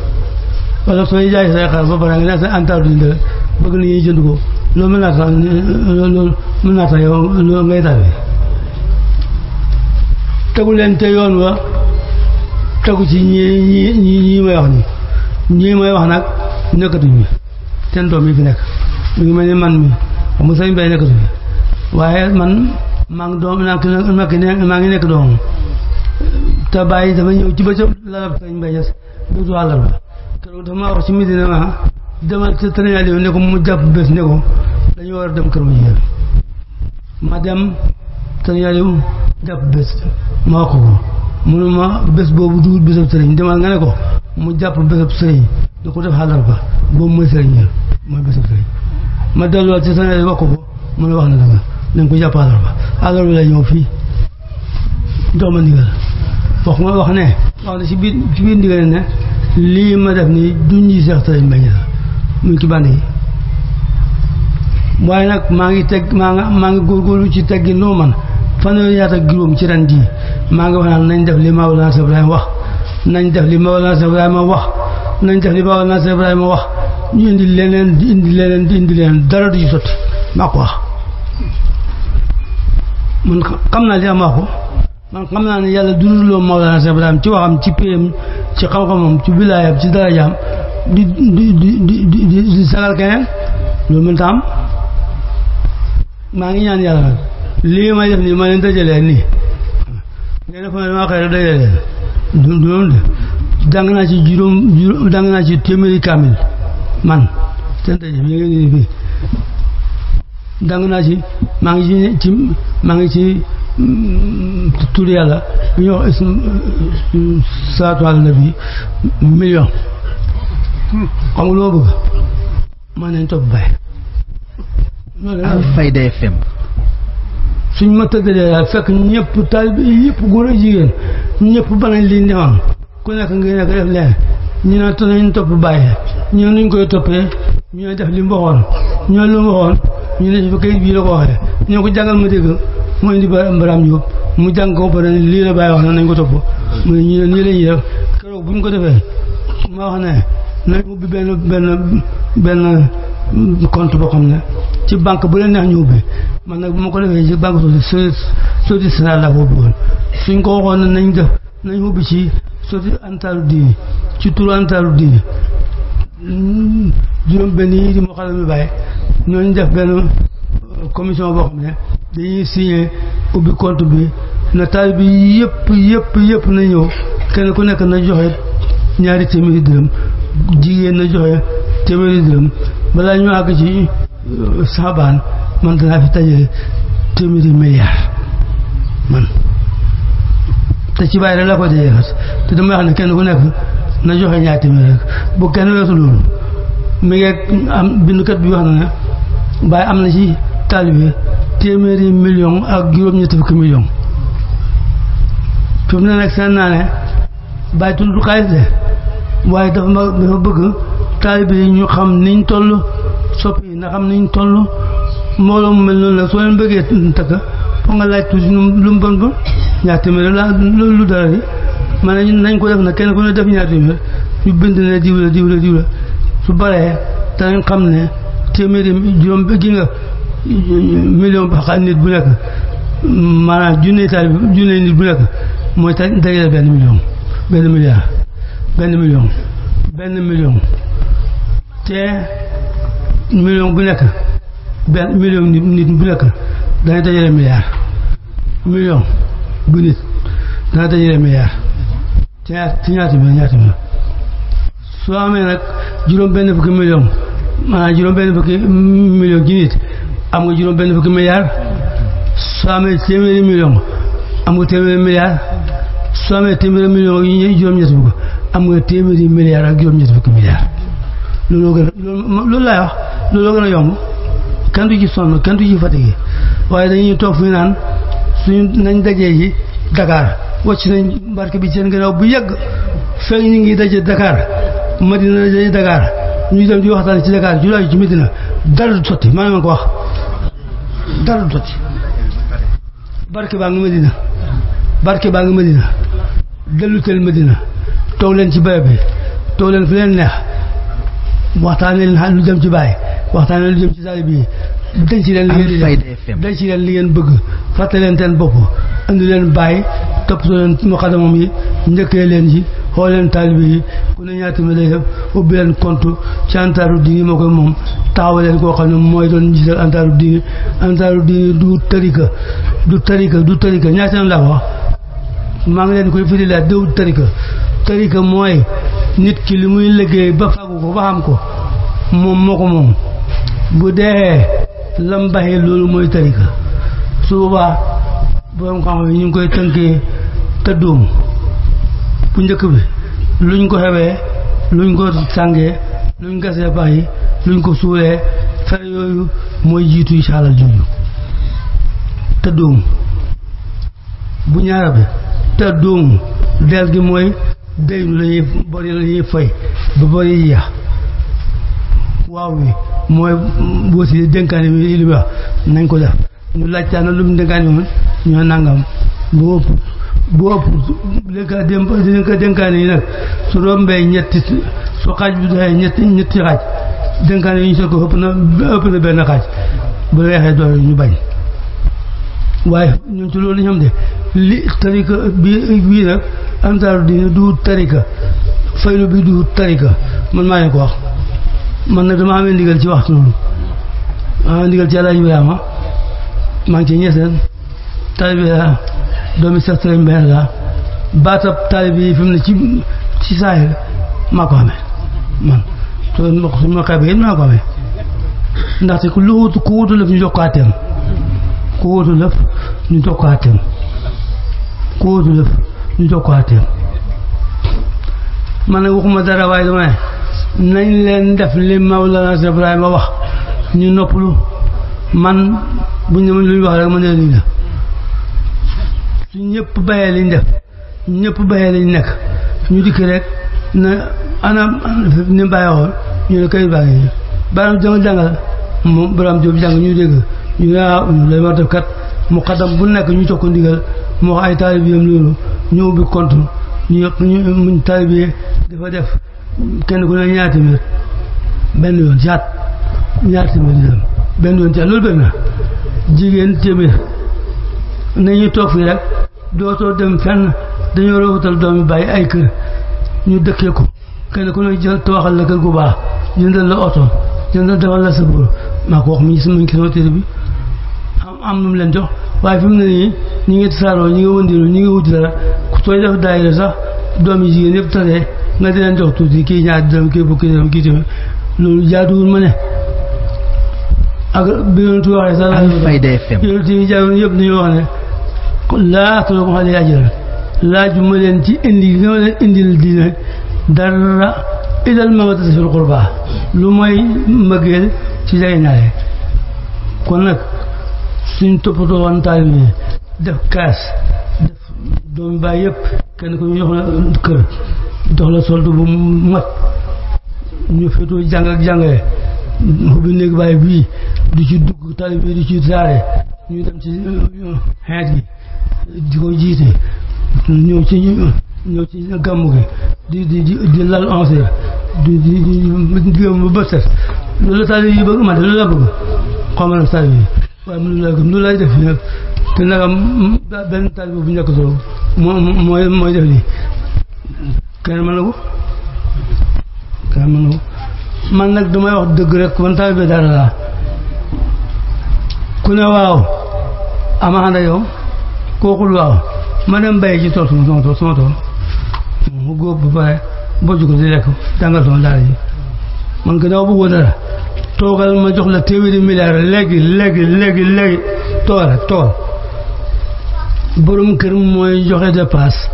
wala sooy jaay say ba pare nga ne sa na ñuy jënd ko loolu mën naa tax loolu mën naa tax te yoon wa ci ñi ñi ñi may nekkatuñ fi seen doom yi fi nekk mu ngi mel ni man mi xam nga sëñ bay nekkatuñ waaye man maa ngi doom naa maa ngi nekk doomam te bàyyi dafa ñëw ci bëccëg lalab sëñ bay ñes bisu àllar ba keroog dafa maa wax ci midi ne ma ah, demal ci tënañaa liw ne ko mu jàpp bés ne ko dañu war a dem kër mu jigéen ma dem tënañaa liw jàpp bés ma wax ko ko bés boobu dugul bésab sëriñ demal nga ne ko mu jàpp bésab sëriñ du ko def xalar ba boobu mooy sëriñ mooy bésab sëriñ ma delluwaat ci sëriñ wax ko ko mu ne wax na dama nañ ko jàpp xalar ba xalar bi lay ñëw fii jox ma la wax ma wax ne wax ne ci biir ci biir ndigal ne lii ma def nii duñ yi seex sëriñ bañ mu ngi ci bànn yi waaye nag maa ngi teg maa ngi maa ngi lu ci teggi noo man fanweeri yaat ak juróom ci ren jii maa ngi wax naan nañ def lii ma Ibrahima wax nañ def li Mawlana wax nañ def li ba naa sa wax ñu indi leneen di indi leneen di indi leneen dara du ci sotti maa ko wax man xam naa li am ko man xam naa ne yàlla dunduloo Mawlana Cheikh Ibrahim ci waxam ci péyam ci xam-xamam ci wilaayam ci darajaam di di di di sagal keneen loolu mënta am maa ngi ñaan yàlla nag lii may def ma leen dajalee nii nga def ma damaa xëy rek dajalee du du loolu jàng naa ci juróom juróom man seen daje bi ngeen di fi jàng naa ci maa ngi ci maa ngi ci mm, tur yàlla bu ñuy wax salaatu ala nabi million xam nga loo bëgg mën nañ topp bay Alfayda FM suñ ma tëddalee daal fekk ñëpp taalibe yëpp góor jigéen ñëpp banañ li newoon ku nekk ngi nekk def leen ñu ne to nañ topp bàyyi ñoo nuñ koy toppee ñoo def li mu waxoon ñoo lu mu waxoon ñu ne fa kayit bii la ko waxee ñoo ko jàngal ma dégg mu indi ba mbaraam yóbbu mu jàng ko ba lii la bàyyi wax na nañ ko topp mu ne ñu ne nii la ñuy def keroog bu ñu ko defee ma wax ne nañ ubbi benn benn benn compte boo xam ne ci banque bu leen neex ñu ubbi man nag bu ma ko defee ci banque soo soo di Sénégal laa ko ubbi woon suñ ko waxoon nañ def nañ ubbi ci sofi antaaru diini ci turu antaaru diini juróom benn yi di moo xalam yu bàyyi ñooñu def benn euh, commission boo xam ne dañuy signé ubbi compte bi na taal bi yëpp na ñëw kenn ku nekk na joxe ñaari téeméeri dërëm jigéen na joxe téeméeri dërëm balaa ñu àgg ci euh, saabaan man danaa fi tajale téeméeri milliard man te ci bàyyi rek la ko dajee te dama wax ne kenn ku nekk na joxe ñaar téeméer bu kenn weesu loolu mi ngi am bindukat bi wax na ne bàyyi am na ci taalibe téeméeri million ak juróom-ñetti fukki million fi mu ne seen naa bàyyi tudd xaalis waaye dafa ma dafa bëgg taalibe ñu xam niñ toll soppi yi na xam niñ toll mbooloo mu mel noonu nag soo leen bëggee takk foog nga laaj lu mu bon bon ñaar lu dara di ma nañ ko def nag kenn ku ne def ñaar téeméer ñu bind ne diw la diw la su baree danañ xam ne téeméeri juróom gi nga million ba nit bu nekk maanaam junne taal junne nit bu nekk mooy dajale benn million benn milliard benn million benn million te nit bu nekk milliard million bu nit dana dajale milliard ci ñaata ci ñaata bi ñaata amee nag juróom benn fukki million maanaam juróom benn fukki million ci am nga juróom benn fukki milliard soo amee téeméeri million am nga téeméeri milliard soo amee am nga téeméeri milliard ak juróom-ñett fukki milliard loolu gën loolu laay wax gën a yomb kenn du ci sonn kenn du ci fatigué waaye dañuy toog fii naan suñu nañ dajee yi Dakar wàcc nañ barke bi seen gannaaw bu yàgg fekk ñu ngi daje Dakar Madina daje Dakar ñu dem di waxtaan ci Dakar julaay ci Madina dara du sotti maanaam ko wax dara du sotti barke baa ngi Madina barke baa ngi Madina dellutel Madina leen ci béréb bi toog leen fi leen neex waxtaanee lu jëm ci Baay waxtaan lu jëm ci taalibe bi dañ ci leen li ngeen dañ ci leen li bëgg fàtte leen seen bopp indi leen Baay toppatoo leen muqaddamam yi njëkkee leen yi xool leen taalibe yi ku ne ñaata mi lay def ubbi ci antaaru diini moo koy moom taxaw leen koo xam ne mooy doon njiital antaaru diini antaaru diini du tarika du tarika du tarika ñaata la wax maa ngi leen koy firi laa déw tarika tarika mooy nit ki li muy liggéey ba fagu ko ba xam ko moom moo ko moom bu dee lam loolu mooy tarika su boobaa borom xam-xam yi ñu ngi koy tënkee tëdduum bu njëkk bi luñ ko xewee luñ ko sàngee luñ gasee pax yi luñ ko suuree fer yooyu mooy jiitu ci alal jooju tëdduum bu ñaara bi tëdduum del gi mooy déynu lañuy bori la ñuy ba bari yeex waaw bi mooy boosi dénkaane bi li nañ ko def ñu laajtaan lu mu dénkaane bi ñoo nangam bu ëpp bu ëpp léegi yi nag su rombee ñetti su xaaj bi doxee ñetti ñetti xaaj dénkaane yi ñu soog ko ëpp na ëpp na benn xaaj bu weexee doole ñu bañ waaye ñun ci loolu ñu xam de li tarika bi bii nag Ansaaru Diine du tarika faylu bi du tarika man maa leen ko wax man nag dama amee ndigal ci waxtu noonu ah, maa amee ndigal ci Alaaji Ibrahima maa ngi ci ñeseen taalibe la doomi Seex Ture Mbeer la baatab taalibe yi fi ne ci ci saahir maa ko xamee man te su ma xeebee it maa ko xamee ndaxte ku luxut ku wutu lëf ñu jox ko àtteem ku wutu lëf ñu jox ko àtteem ku wutu lëf ñu jox ko àtteem man nag waxuma dara waaye leen def li Mawlana Cheikh wax ñu noppalu man bu ñu lu ñu wax rek ma ne lii su ñëpp bayee liñ def ñëpp bayee liñ nekk ñu dikk rek na anam ni mu bàyyi ñu ne kayit baa ngi nii baram dama jàngal moom baram jóob jàng ñu dégg ñu ne ah lay war def kat muqaddam bu nekk ñu jox ko ndigal mu wax ay taalibeem loolu ñu ubbi compte ñu ñu dafa def kenn ku ne ñaar téeméer benn yoon ci at ñaar téeméer di dem benn yoon ci loolu bëri na jigéen téeméer nañu toog fii rek dootoo dem fenn dañoo la wutal doomi bàyyi ay kër ñu dëkkee ko kenn ku ne jël tooxal la kër gu baa jëndal la oto jëndal defal la sa buur maa ko wax mu ngi sama téere bi am am nu mu leen jox waaye fi mu ne nii ñi ngi tasaaroo ñi ngi wëndeeloo ñi ngi wut dara ku def daayira sax doom yi jigéen yëpp tasee nga di leen jox tuuti kii ñaari dërëm kii fukki dërëm kii tamit loolu jaaduwul ma ne ak bi yonent waxee sax. Alfayda FM yonent yi jaaduwul yëpp dañoo wax ne laa as'alukum alayhi ajran laajuma leen ci indi gi nga leen indil diine dara ilal mawaddata fil qurbaa lu mooy mbëggeel ci lay naale kon nag suñ toppatoo woon yi def kaas def doomi baay yëpp kenn ko ñu jox la kër jox la soldu bu mat ñu féetoo jàng ak jàngale xubbi néeg baay bii du ci dugg taalib yi du ci saare ñu dem ci xeet gi di ko jiite ñëw ci ñëw ci gàmmu gi di di di lal onze di di di di ba bët set loolu taal yi bëgg man loolu laa bëgg xaw ma taal yi waaye mënu laa gëm loolu def nag te nagam benn taal bu nekk solo mooy def lii kenn mën na ko kenn mën na ko man nag damay wax dëgg rek man taal bi dara laa ku ne waaw amaana yow kooku waaw ma dem béy ci tool sama tool sama tool mu góob ba pare bojj ko di lekk tàngal sama daal ji man ko dama bëggoon dara toogal ma jox la téeméeri milliards léegi léegi léegi léegi tool rek borom kër mooy joxe dépasse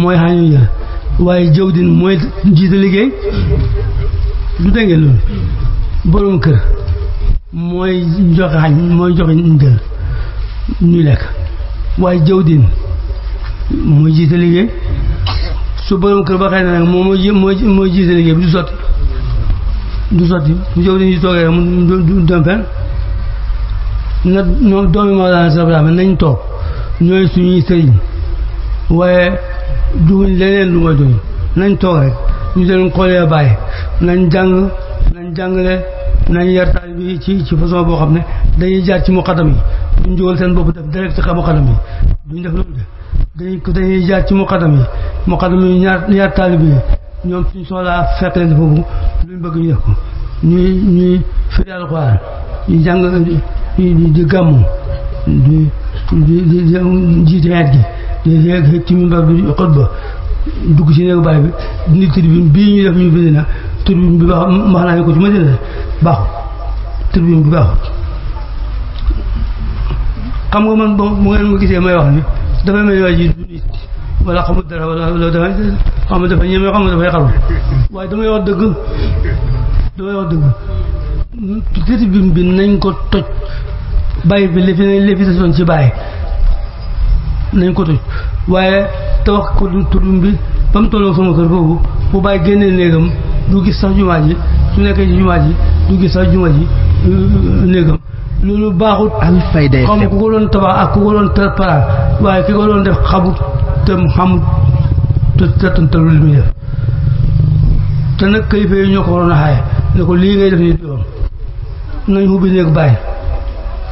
mooy xañu jël waaye jëw din mooy jiite liggéey du dégg loolu borom kër mooy joxe xañ mooy joxe njël ñu lekk waaye jëw din mooy jiite liggéey su borom kër ba xëy na nag moom mooy mooy jiite liggéey bi du sotti du sotti bu jëw din ji toogee rek du dem fenn na ñoom doomi Mawlana Cheikh Ibrahima nañ toog ñooy suñuy sëriñ waaye duñ leneen lu mooy doon nañ toog ñu leen xoolee bàyyi nañ jàng nañ jàngale nañ yar taalibe ci ci façon boo xam ne dañuy jaar ci muqaddam yi duñ jógal seen bopp def direct ci muqaddam yi duñ def loolu de dañuy dañuy jaar ci muqaddam yi muqaddam yi ñaar ñaar taalibe yi ñoom suñ soxlaa fekk leen foofu luñ bëgg ñu def ko ñuy ñuy firi alxuraan ñu jàng di gàmmu di di di jiite xeet gi di yéeg ci minbar bi xutba dugg ci néegu baay bi dindi tribune bii ñu def ñu bind na tribune bi wax wax naa ñu ko ci ma dina baaxul tur bi mu baaxut xam nga man bu ngeen ma gisee may wax ni dafa mel waa ji du nit wala xamul dara wala wala dafa xam dafa ñeme xam nga dafay xaru waaye damay wax dëgg damay wax dëgg tëti bim bi nañ ko toj bàyyi bi léfi nañ léfi desoon ci bàyyi nañ ko toj waaye te wax ko turum bi ba mu tolloo sama kër googu bu bàyyi génnee néegam du gis sax jumaa ji su nekkee ci jumaa ji du gis sax jumaa ji euh, euh, néegam loolu baaxut. am fay xam ku ko doon tabax ak ku ko doon préparer waaye ki ko doon def xamut te xamut te setantalu nag kilifa yi ñoo ko waroon ne ko lii ngay def nii doom nañ xubbi néeg bàyyi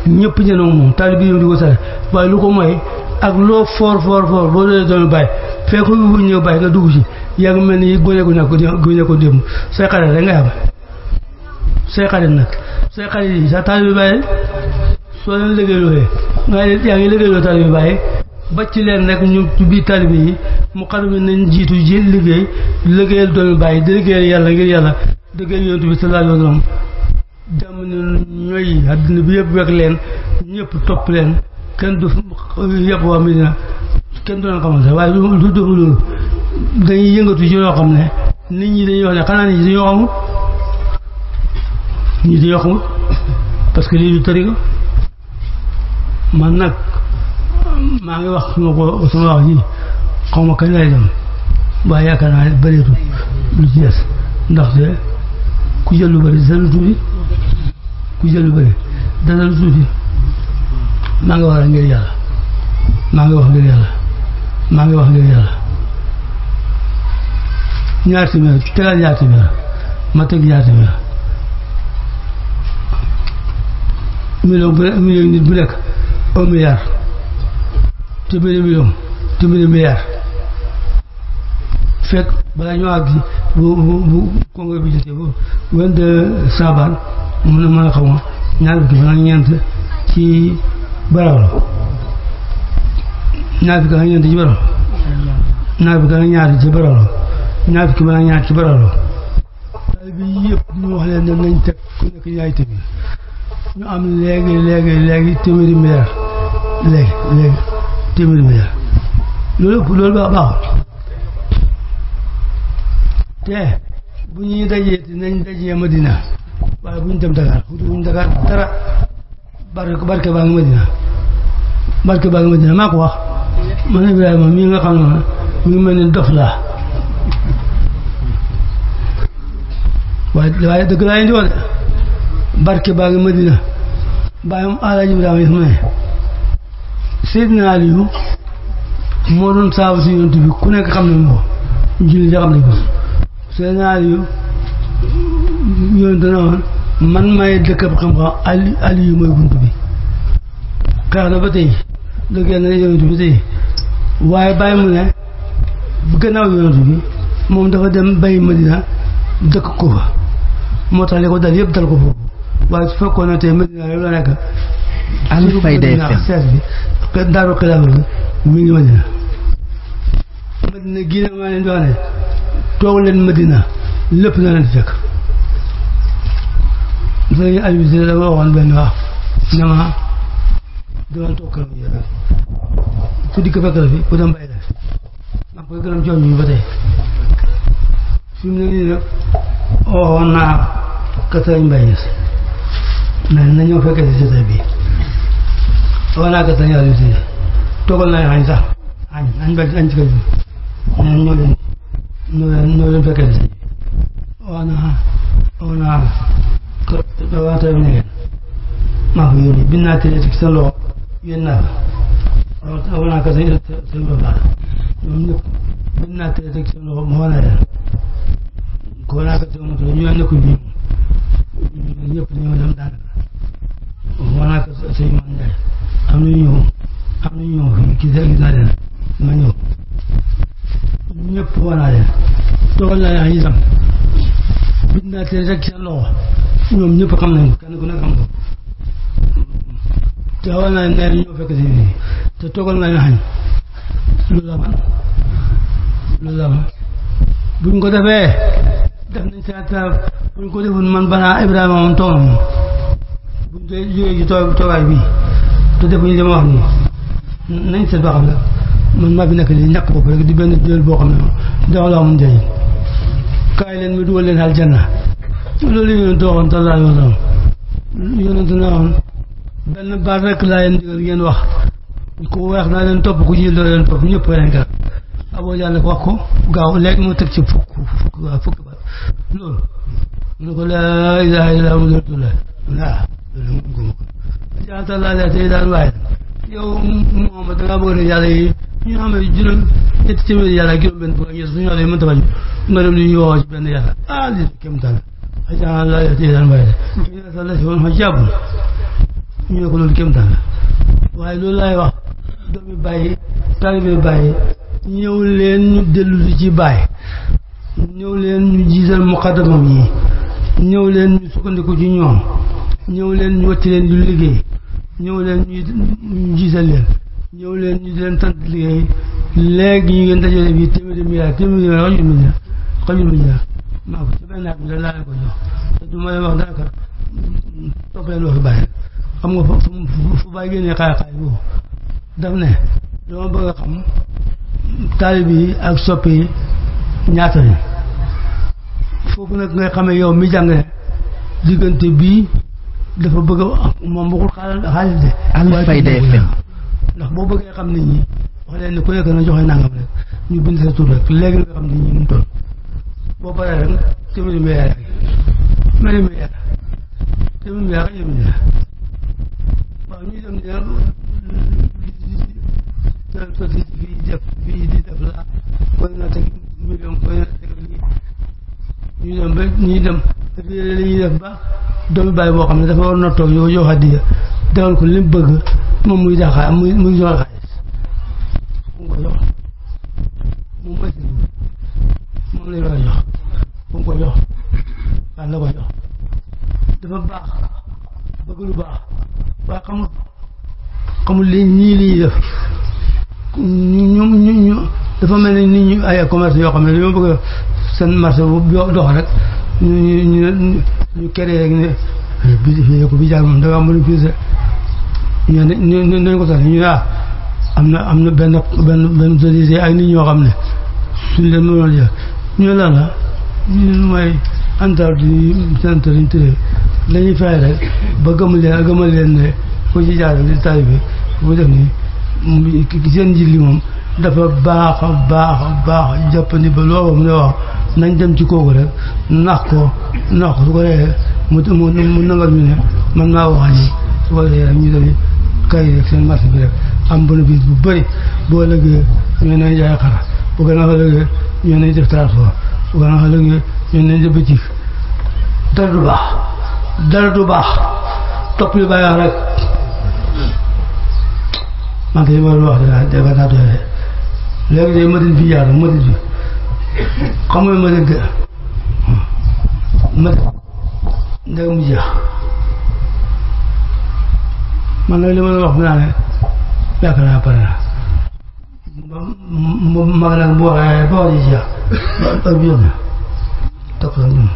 ñëpp ñenoo moom taal bi di ko sare waaye lu ko moy ak loo foor foor foor boo doonee doon bàyyi fekk xubbi néeg bàyyi nga dugg ci yaa ngi mel ni góone gu nekk góone ko démb say xarit rek ngay am say xarit nag say xarit yi sa taalibe bàyyi soo leen liggéeylooyee nga ne yaa ngi liggéeyloo taalibe bàyyi ba ci leen rek ñu ci biir taalibe yi mu xam ne nañ jiitu ji liggéey liggéeyal doomi bàyyi di liggéeyal yàlla ngir yàlla dëggeel yonent bi sallallahu alayhi wa sallam jàmm ne ñooy àddina bi yëpp wekk leen ñëpp topp leen kenn du yëpp waa Medina kenn du leen xamal sax waaye du du loolu dañuy yëngatu ci loo xam ne nit ñi dañuy wax ne xanaa nit ñi dañoo xamul nit ñi dañoo xamul parce que lii du tariqa man nag maa ngi wax suma ko suma wax ji xaw ma kañ lay dem waaye yaakaar naa ne bëreetul lu ci des ndaxte ku bëri dana lu tuuti ku jël lu bëri dana lu tuuti maa ngi wax ngir yàlla maa ngi wax ngir yàlla maa ngi wax ngir yàlla ñaar téeméer tegal ñaar téeméer ma teg ñaar téeméer million bu million bu nekk un milliard téeméeri million téeméeri milliard fekk balaa ñoo àgg bu bu bu congrès bi jotee bu vingt-deux mun na mën a xawma ñaar fukki fan ak ñeent ci baraw la ñaar fukki fan ak ñeent ci baraw la ñaar fukki mën a ñaar ci baraloo taalibe bi yëpp ñu wax leen ne nañ teg ku nekk yaay tamit ñu am léegi léegi léegi téeméeri milliard léegi léegi téeméeri milliard loolu te bu ñuy dajee nañ dajee Madina waaye bu ñu dem Dakar xutu bu ñu Dakar dara barke barke baa ngi Madina barke baa ngi Madina maa ko wax man Ibrahima mii nga xam ne mi ni dof laa waaye waaye dëgg laa indi woon barke baa ngi Madina bàyyi moom Alaaji Ibrahima yi mu ne Seydina Aliyu moo doon saabu si yonent bi ku nekk xam nañ ko julli da xam nañ ko Seydina Aliyu yonent na woon man may dëkkab xam-xam Ali Aliyu mooy bunt bi xeex na ba tey dëggee na yonent bi tey waaye bàyyi mu ne gannaaw yonent bi moom dafa dem bay Madina dëkk ko fa moo tax li ko dal yëpp dal ko foofu waaye su fekkoon ne tey Medina la nekk. Alfayda FM bi Daaru Xilaaf ngi Medina. Medina gii nag leen di toog leen Medina lépp na leen fekk. sëñ Aliou Cissé la ma su dikk fekk la fi ku dem bay la maa ngi koy gërëm coono ñu ba tey. fi mu ne nii nag waxoon naa ko sëriñ Mbaye Niass nañoo fekkee si jotaay bi waxoon naa ko sëriñ Aliou Cissé toogal añ sax añ añ ba añ ci kër gi ñoo leen ñoo leen ñoo leen fekkee si naa waxoon naa ko waxtaan ne ngeen maa ko yónni bind naa téere ci sa loxo yónni naa ko waxoon naa ko sëriñ Ibrahima ñoom ñëpp bind naa téere ci sa loxo ma wane leen Kóolaa ak Dóomu Dóor ñu ànd ko bii ñun ñëpp dañoo dem daanaka maanaam ak sëñ Mame am na ñëw am na ñëw gis naa leen ma ñëw ñëpp woo naa leen dogal naa leen itam bind naa teel rek seen loxo ñoom ñëpp xam nañ ko kenn ku nekk xam ko te woo naa leen ñoo fekk si te toogal naa leen xañ loolu la man loolu la man buñ ko defee. def nañ sataaf bu ñu ko defoon man banaa Ibrahima moom toogam buñ doy jógee ci toogaay bi te defuñu li ma wax nii nañ xam ne man maa fi nekk li ñàkk bopp rek di benn jël boo xam ne dama la amul njëriñ kaay leen mi dugal leen aljanna loolu yonent waxoon sallallahu wa weex naa leen topp ku ñuul doo leen topp ñëpp leen gar aboo ko wax ko gaaw léegi mu teg ci fukk fukk fukk loolu mu ko laa ilaha illa rasulullah laa loolu laa laa tey daal waaye yow moom da ngaa bëgg ne yàlla yi ñu xamee juróom ñetti téeméeri yàlla ak juróom nga dem li ñu woo ci benn yàlla ah li kéem tànn ajaa laa laa tey daal waaye sa la si woon fa jàpp ñu ne ko loolu kéem tànn waaye loolu laay wax leen ñu dellu ci bàyyi ñëw leen ñu jiital muqaddamam yi ñëw leen ñu sukkandiku ci ñoom ñëw leen ñu wàcci leen ñu liggéey ñëw leen ñu jiital leen ñëw leen ñu di leen sant liggéey léegi ñu ngeen dajale bi téeméeri milliard téeméeri milliard xajul milliard xajul milliard maa ko ci benn at bi la laa leen ko jox te du ma leen wax daanaka topp leen waxi bàyyi xam nga fu bàyyi génnee xaay xaay boobu daf ne dama bëgg a xam taalib yi ak soppi ñaata yi foofu nag ngay xamee yow mi jànge diggante bii dafa bëgg a moom waxul xaaral xaalis de. Alfayda FM ndax boo bëggee xam ni ñi wax leen ne ku nekk na joxe nangam rek ñu bind sa tur rek léegi nga xam nit ñi mu toll boo paree rek téeméeri milliard rek fii di def laa koy na teg million koy na teg lii ñu dem ba ñuy dem réeré li ñuy def ba doomu bàyyi boo xam ne dafa war na toog yow yow hadiya defal ko li bëgg moom muy dax muy muy joxe xaalis mu ko mu ko jox waaw la ko jox dafa baax bëgg lu baax waaye xamul xamul li ñii def ñu ñu ñu dafa mel ni nit ñu ay commerce yoo xam ne dañoo bëgg a seen marché bu dox rek ñu ñu ñu ñu créé rek ne bi fii ko bi jaar moom da ngaa mën a fii ñu ne ñu ko sax ñu ah am na am na benn benn benn société ay nit ñoo xam ne suñ leen mënoon jël ñu lan la ñun mooy antar di seen tëriñ tëriñ dañuy fexe rek ba gëmal leen gëmal leen ne ku ci jaar di taay bi bu def nii seen njiit li moom dafa baax a baax a baax a jàppandi mu ne wax nañ dem ci kooku rek nax ko nax ko su ko defee mu mu mu nangal ñu ne man maa wax nii su ko defee ñu def kay rek seen marché bi rek am bénéfice bu bëri boo lëggee ñoo nañ jaay xara bu gën a fa lëggee ñoo nañ def transport bu gën a fa lëggee ñoo nañ def bëccëg dara du baax dara du baax man de li ma wax de la daa doy léegi de mëtëj bi yaatu mëtëj bi xam nga mëtëj de mëtëj ndege mu jeex man loolu li ma wax naa ne yaakaar naa pare naa ma ma nag bu waxee ba wax ji jeex topp la ñun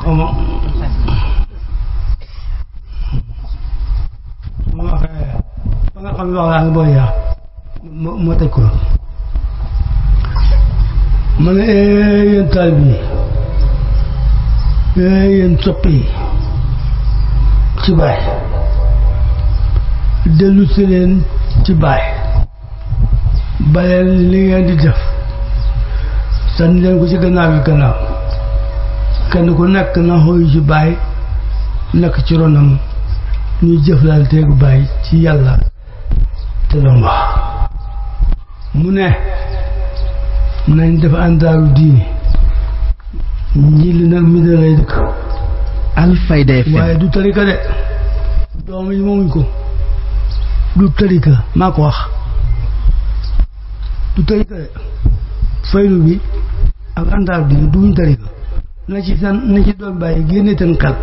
xaw ma mu waxee ba nga xam ne wax laa nga boole yaa moo moo tëj ko ma ne eh, yéen taalibe yi eh, yéen sopp yi ci baay dellu si leen ci baay baleen li ngeen di def sànni leen ko ci gannaaw bi gannaaw kenn ku nekk na xooyu ci baay nekk ci ronam ñuy jëflanteeg bàyyi ci yàlla te doon wax mu ne nañ dafa àndaaru diini ñi li nag mi lay dëkk Alfayda FM waaye du tarika de doom yi moomuñ ko du tarika maa ko wax du tarika de faylu bi ak àndaaru diini duñ tarika na ci tan na ci doon bàyyi génne tan kal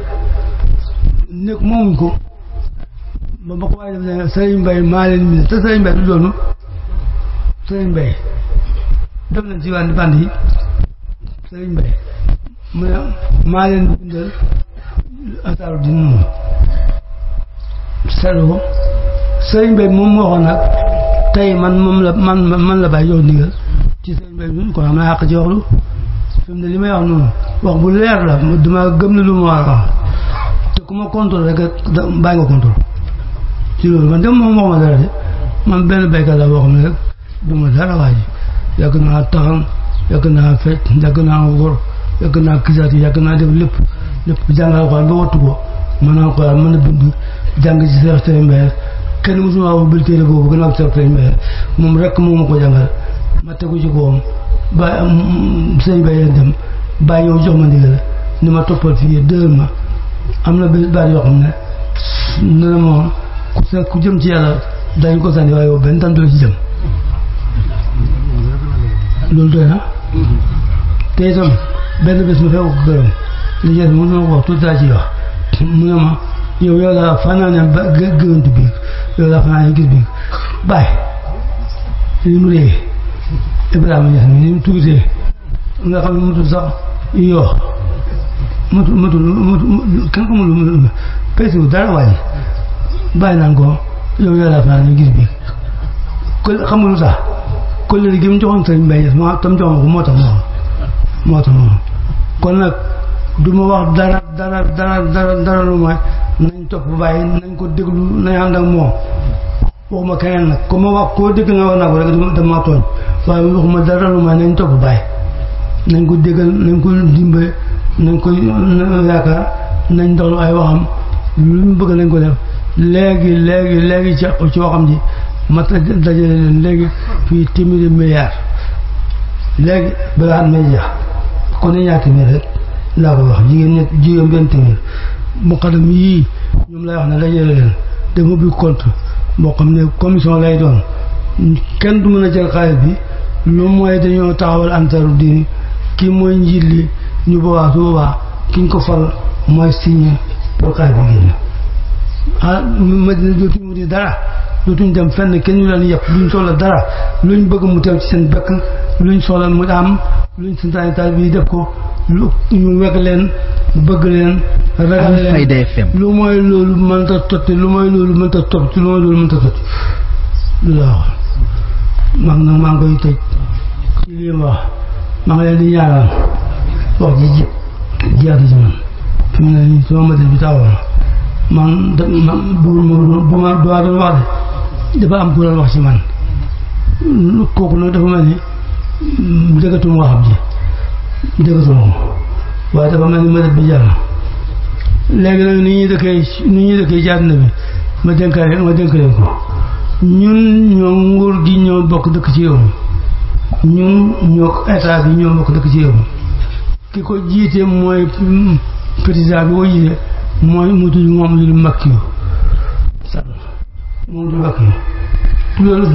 nekk moomuñ ko ma ma ko waaye dem ne Serigne Mbaye maa te Serigne Mbaye mu ne maa leen bindal asaaru din moom seetlu ko moom moo waxoon nag tey man moom la man la bàyyi yow ndigal ci Serigne Mbaye bi kon xam naa àq ci waxlu fi mu ne li may wax noonu wax bu leer la dama gëm ne lu ma wax te ku ma contrôle rek bàyyi nga contrôle ci loolu man de moom waxuma dara de man benn béykat la boo xam ne rek duma dara waaye yàgg naa taxam yàgg naa fecc yàgg naa wor yàgg naa kisaati yàgg naa def lépp lépp jàng alxuraan ba wattu ko mën alxuraan mën a bind jàng ci Seex Tere Mbaye kenn musuma wax bil ba a ak Seex Tere Mbaye moom moo ma ko jàngal ma tegu ba mm, mm, sëñ Mbaye dem bàyyi yow ma ndigal ni ma toppal fii ma am na bés baat yoo xam ne parce que ku jëm ci yàlla dañu ko sànni waaye yow benn tànn doo ci jëm loolu doy na te itam benn bés mu fekk ko gërëm li jeex mun na ko wax tuuti baay li mu réer Ibrahima Ñas ni mu tuutee nga xam ne mutul sax yoo mutul mutul mutul kenn ko mutul mutul peese dara waaye bàyyi naan ko yow yaa def naa ne gis bi ko xam nga lu tax kóllëre mu joxoon sëñ Mbaye joxoon ko moo tax moom kon nag du ma wax dara dara dara dara dara lu ma nañ ko déglu nañ ànd ak moom waxuma keneen nag ko ma wax koo dégg nga wax naa ko rek dama tooñ waaye waxuma dara lu ma nañ topp bàyyi nañ ko déggal nañ ko dimbale ay waxam lu mu bëgg nañ ko def léegi léegi léegi ci coo xam ji mat na dajale leen léegi fii téeméeri milliard léegi balaa may jeex kon ne ñaar téeméer rek laa ko wax jigéen ñett jigéen benn téeméer muqaddam yii ñoom lay wax ne dajale leen dama bi compte boo xam ne commission lay doon kenn du mën a jël xaalis bi lu mooy dañoo taxawal ansaru diini kii mooy njiit li ñu boobaa su boobaa ki ñu ko fal mooy signé pour xaalis bi génn ah Madina dootuñu wuti dara dootuñu dem fenn kenn ñu leen yëpp luñ soxla dara luñ bëgg mu teew ci seen bekk luñ soxla mu am luñ santaane taal bi def ko lu ñu wegg leen bëgg leen. ragal leen Alfayda FM lu mooy loolu mënta totti lu mooy loolu mënta topp lu mooy loolu mënta totti waaw. maa ngi nag maa ngi ci lii wax maa ngi leen di ñaanal wax ji ji jaadu ji man fi mu ne nii sama matin bi taxawoon man da ma bu ma bu ma doon wax dafa am ku doon wax ci man kooku nag dafa mel ni mm, dëggatuma waxam ji dëggatuma ko waaye dafa mel ni mënat bi jàll léegi nag ni ñuy dëkkee ni ñuy dëkkee ci àdduna bi ma dénkaa ma dénk ko ñun ñoo nguur gi ñoo bokk dëkk ci yow ñun ñoo état bi ñoo bokk dëkk ci yow ki ko jiite mooy mm, président bi ko jiite mooy mu tudd moom lu mag yu sal moom du makki yu loolu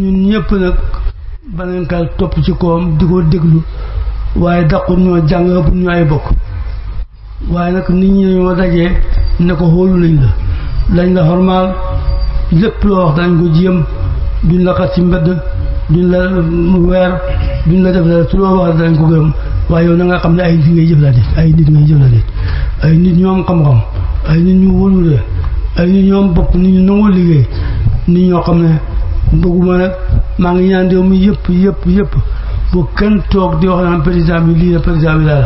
ñun ñëpp nag banankaal topp ci kawam di ko déglu waaye daqul ñoo jàng ëpp ñu ay bokk waaye nag nit ñi ñoo dajee ne ko xóolu nañ la lañ la xormaal lépp loo wax dañ ko jéem duñ la xas ci mbëdd duñ la weer duñ la def dara su loo wax danañ ko gërëm waaye yow na nga xam ne ay nit ngay jëflante ay nit ngay jëflante ay nit ñu am xam-xam ay nit ñu wóorule ay nit ñu am bopp nit ñu nangoo liggéey nit xam ne bëgguma nag maa ngi ñaan réew mi yëpp yëpp yëpp bu kenn toog di wax naan président bi lii la président la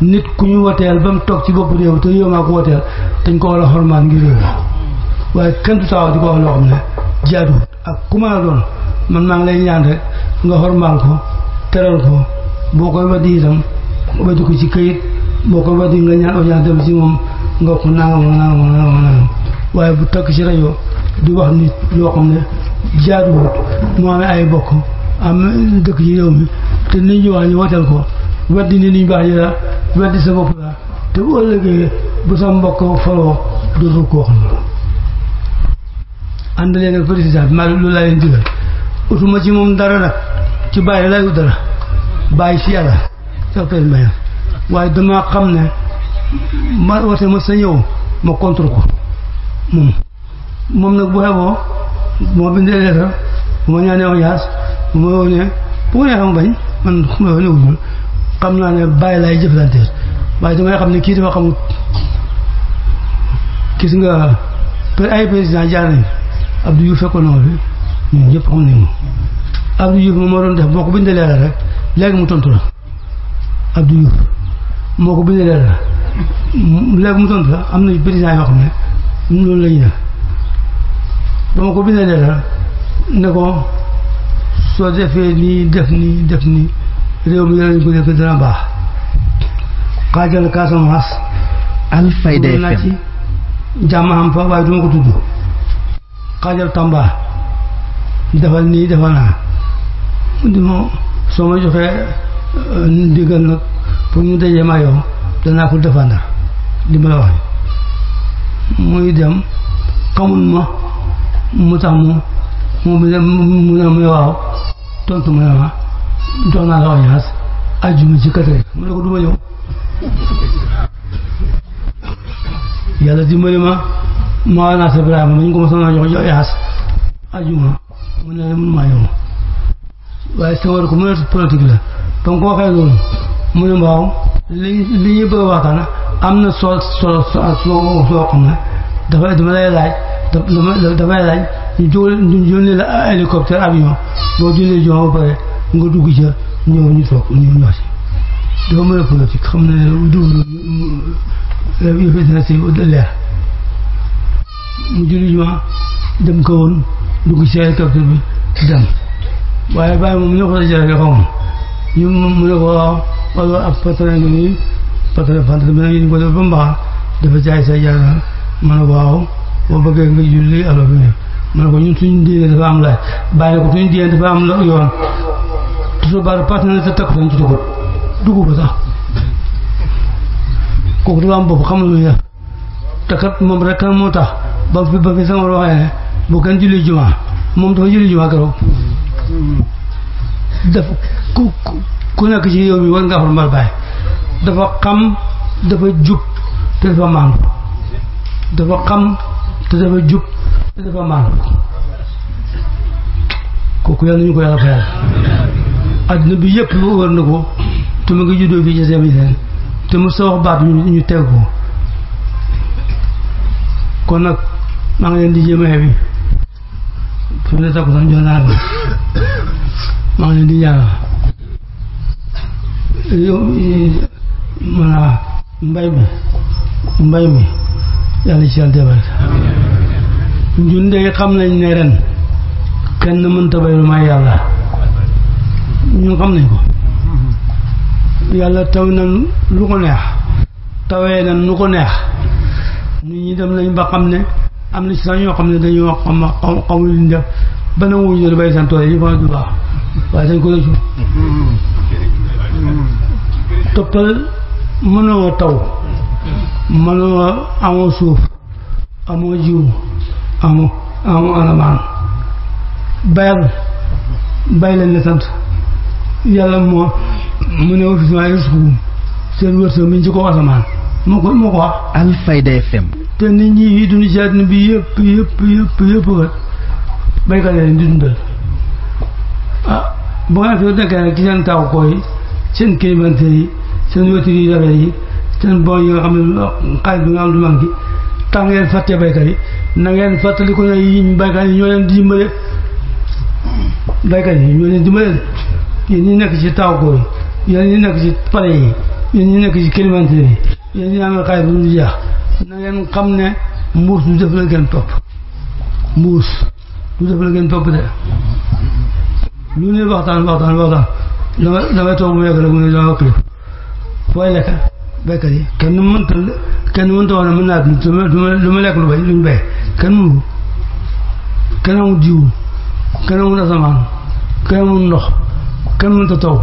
nit ku ñu woteel ba mu toog ci bopp réew te réew maa ko woteel ko a xormaat kenn du taxaw di ko wax ne jaaduwul ak ku mën a doon man maa ngi lay ñaan rek nga xormaal ko teral ko boo koy wadi itam wadi ko ci boo ko weddi nga ñaan audience dem si moom nga ko nangam nangam nangam waaye bu takk ci rajo di wax nit loo xam ne jaaduwut mu amee ay bokk am dëkk ci réew mi te ni ñu wax ñu wateel ko weddi ni ñu baax ñi la weddi sa bopp la te bu ëllëgee bu sa mbokk faloo dootul ko wax noonu ànd leen ak maa loolu laa leen digal utuma ci moom dara nag ci bàyyi lay ut dara bàyyi si yàlla soo ko may waaye dama xam ne ma woote ma sa yow ma contre ko moom moom nag bu xewoo moo bindee leetar bu ma ñaanee audience bu ma woo ne bu bañ man xam naa ne bàyyi laay jëflante waaye damay xam ne kii dafa xamut gis nga ay président jaar nañ Abdou Diouf fekkoon na fi ñun ñëpp xam nañ moom Abdou Diouf moom moo doon def boo ko bindee leeral rek léegi mu tontu la Abdou Diouf moo ko bindee leer léegi mu tontu am na président yoo xam ne loolu la ñu def ba ma ko bindee leer ne ko soo defee nii def nii def nii réew mi def naa ci jàmm fa waaye du ma ko tudd xaajal Tamba defal nii defal naa di ma soo ma joxee euh, ndigal nag fu ñu dajee ma yow danaa ko défendre li ma la wax muy dem ma mu tax mu mu mu ne tontu ma ne ma jox naa la audience ajjuma ci quatre mu ne ko du ma dimbali ma maa naa sa ma ñu ko mosoon a jox jox audience ajjuma mu ne mun maa ñëw waaye sa war mu ne politique la donc ko waxee loolu mu ne waaw li li ñu bëgg a am na so solo soo xam ne dafa dama lay laaj dafay laaj ñu jóg la hélicoptère avion boo jónni avion ba pare nga dugg ca ñëw ñu toog ñu ñoo si dafa mën a politique xam ne leer mu julli jumaa dem ko woon ci hélicoptère bi dem waaye bàyyi moom ñoo ko sa jëlee xaw ma ñu mu ne ko waaw wala ab patron ngi nii patron fanta bi nag ñu ko ba mbaax dafa jaay say jaara ma ne waaw boo bëggee nga julli alors bi ma ne ko ñun suñu diine dafa am laaj bàyyi ko suñu diine dafa am yoon tusubaar lu def te moom moo tax ba fi ba moom dafa julli jumaa keroog def ku nekk ci yow mi war ngaa xormal bàyyi dafa xam dafa jub te dafa maandu dafa xam te dafa jub te dafa maandu kooku yàlla ñu ko yàlla fayal adduna bi yëpp lu wër na ko te mu ngi juddoo fii ci seen te mu sa wax baat ñu ñu teg ko kon nag maa ngi leen di jéem a bi fi mu ne takku sax jox naa maa ngi leen di ñaanal yow maanaam mbay mi mbay mi yàlla ci yàlla débarka ñun de xam nañ ne ren kenn mënta bay lu may yàlla ñun xam nañ ko yàlla taw na lu ko neex tawee na nu ko neex nit ñi dem nañ ba xam ne am na ci sax ñoo xam ne dañoo xam xaw xaw lu ñu def ba nanguwuñu du baax waaye dañ ko rëccu tëppal mënoo taw mënoo amoo suuf amoo jiw amoo amoo alamaan bayal bay leen sant yàlla moo mu ne wa fi sama risquum seen wërsëg mi ci ko asamaan moo ko moo ko wax te nit ñi dund ci àddina bi yëpp yëpp yëpp yëpp wat baykat yi di dundal ah bu fi nekkee nag ci seen taw koy seen climatiseur yi seen wétu yu rafet yi seen bon yi xam ne xaalis bi nga xam ne du mag gi tax ngeen fàtte baykat yi na ngeen fàttali ko ne yi baykat yi ñoo leen dimbale baykat yi ñoo leen dimbale ñu nekk ci tawko yi yéen ñi nekk ci pale yi yéen ñu nekk ci Kilimanjaro yi yéen ñi amee xaalis bu du jeex na ngeen xam ne mbuus du def la ngeen topp mbuus du def la ngeen topp de lu ne waxtaan waxtaan waxtaan damay damay toog mu yegg rek mu ne dama clip fooy lekk béykat yi kenn mënta kenn mënta woon mën naa du ma du ma lekk lu bay luñ bay kenn mënu kenn amul jiwu ndox kenn mënta taw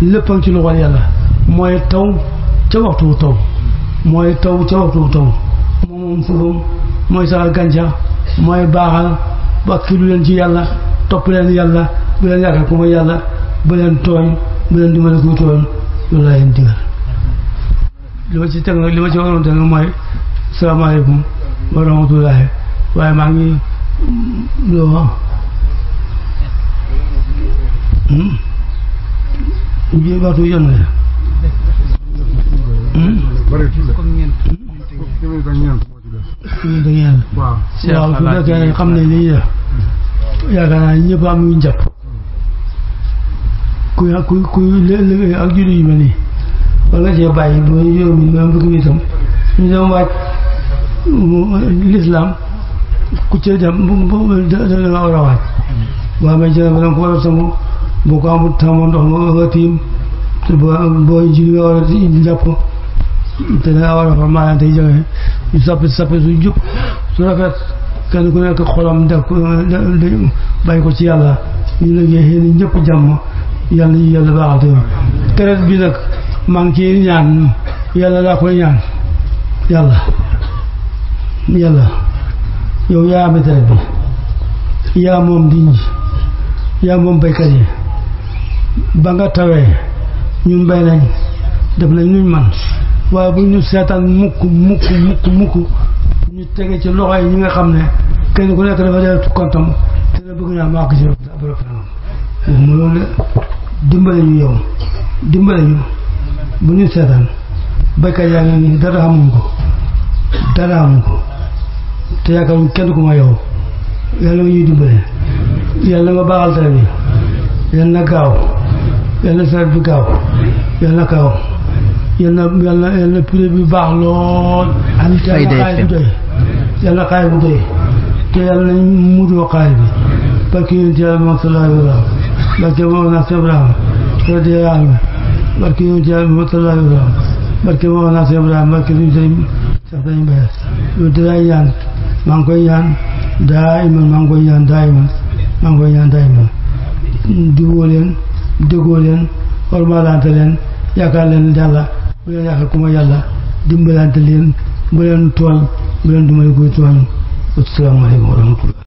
lépp ci loxol yàlla mooy taw ca waxtu wu taw mooy taw ca waxtu wu taw moom moom fufam mooy saxal gàncax ci yàlla topp leen yàlla bu leen yaakaar ko mooy yàlla bu leen tooñ bu leen dimbale li ma ci teg li ma ci waroon teg nag mooy salaamaaleykum wa waaye maa ngi loo ji waxtu yoon na waaw su fekkee ne xam ne lii def yaakaar naa ñëpp am ñu jàpp ku ku ku ak julli yu mel nii war nga cee bàyyi bu ñu juróomi ñoom fukki itam ñu dem wàcc lislaam ku ci dem da nga war a wàcc boo amee jërë nga ko war a sangu boo ko amul war a tiim te nga a war a fa maanaam tey jógee ñu sappi sappi su jub su rafet kenn ku nekk xolam def ko bàyyi ci yàlla ñu liggéey xëy na ñëpp yàlla yàlla baaxal tere bi maa ngi ciy ñaan yàlla laa koy ñaan yàlla yàlla yow yaa amee bi yaa moom nit yaa moom baykat yi ba nga tawee ñun bay nañ def nañ nuñ man waaye bu ñu seetaan mukk mukk mukk mukk ñu tege ci loxo yi ñi nga xam ne kenn ku nekk dafa dee kontam te la bëgg naa maa ko ci loolu dimbale ñu yow dimbale ñu bu ñu seetaan baykat yaa ngi nii dara amuñ ko dara amuñ ko te yaakaaruñ kenn ku ma yow yàlla nga ñuy dimbale yàlla nga baaxal tali bi yàlla na gaaw yàlla na saret bi gaaw yàlla na gaaw yàlla na yàlla na yàlla na prix bi baax lool. am xaay bu doy yàlla na xaay bu doy te yàlla nañ mudoo xaay bi parce que yonent yàlla moom sallallahu alayhi wa sallam parce que moom nag Ibrahima barke yoon ci yàlla Murtala Ibrahima barke Mawlana Seex Ibrahima barke suñu sëriñ sax dañu bayas loolu te laay ñaan maa ngi koy ñaan daa iman maa ngi koy daa iman maa ngi koy ñaan daa iman juboo leen déggoo leen ormalante leen yaakaar leen yàlla bu leen yaakaar ku ma yàlla dimbalante leen bu leen tool bu leen dumale kuy tool asalaamaaleykum wa rahmatullah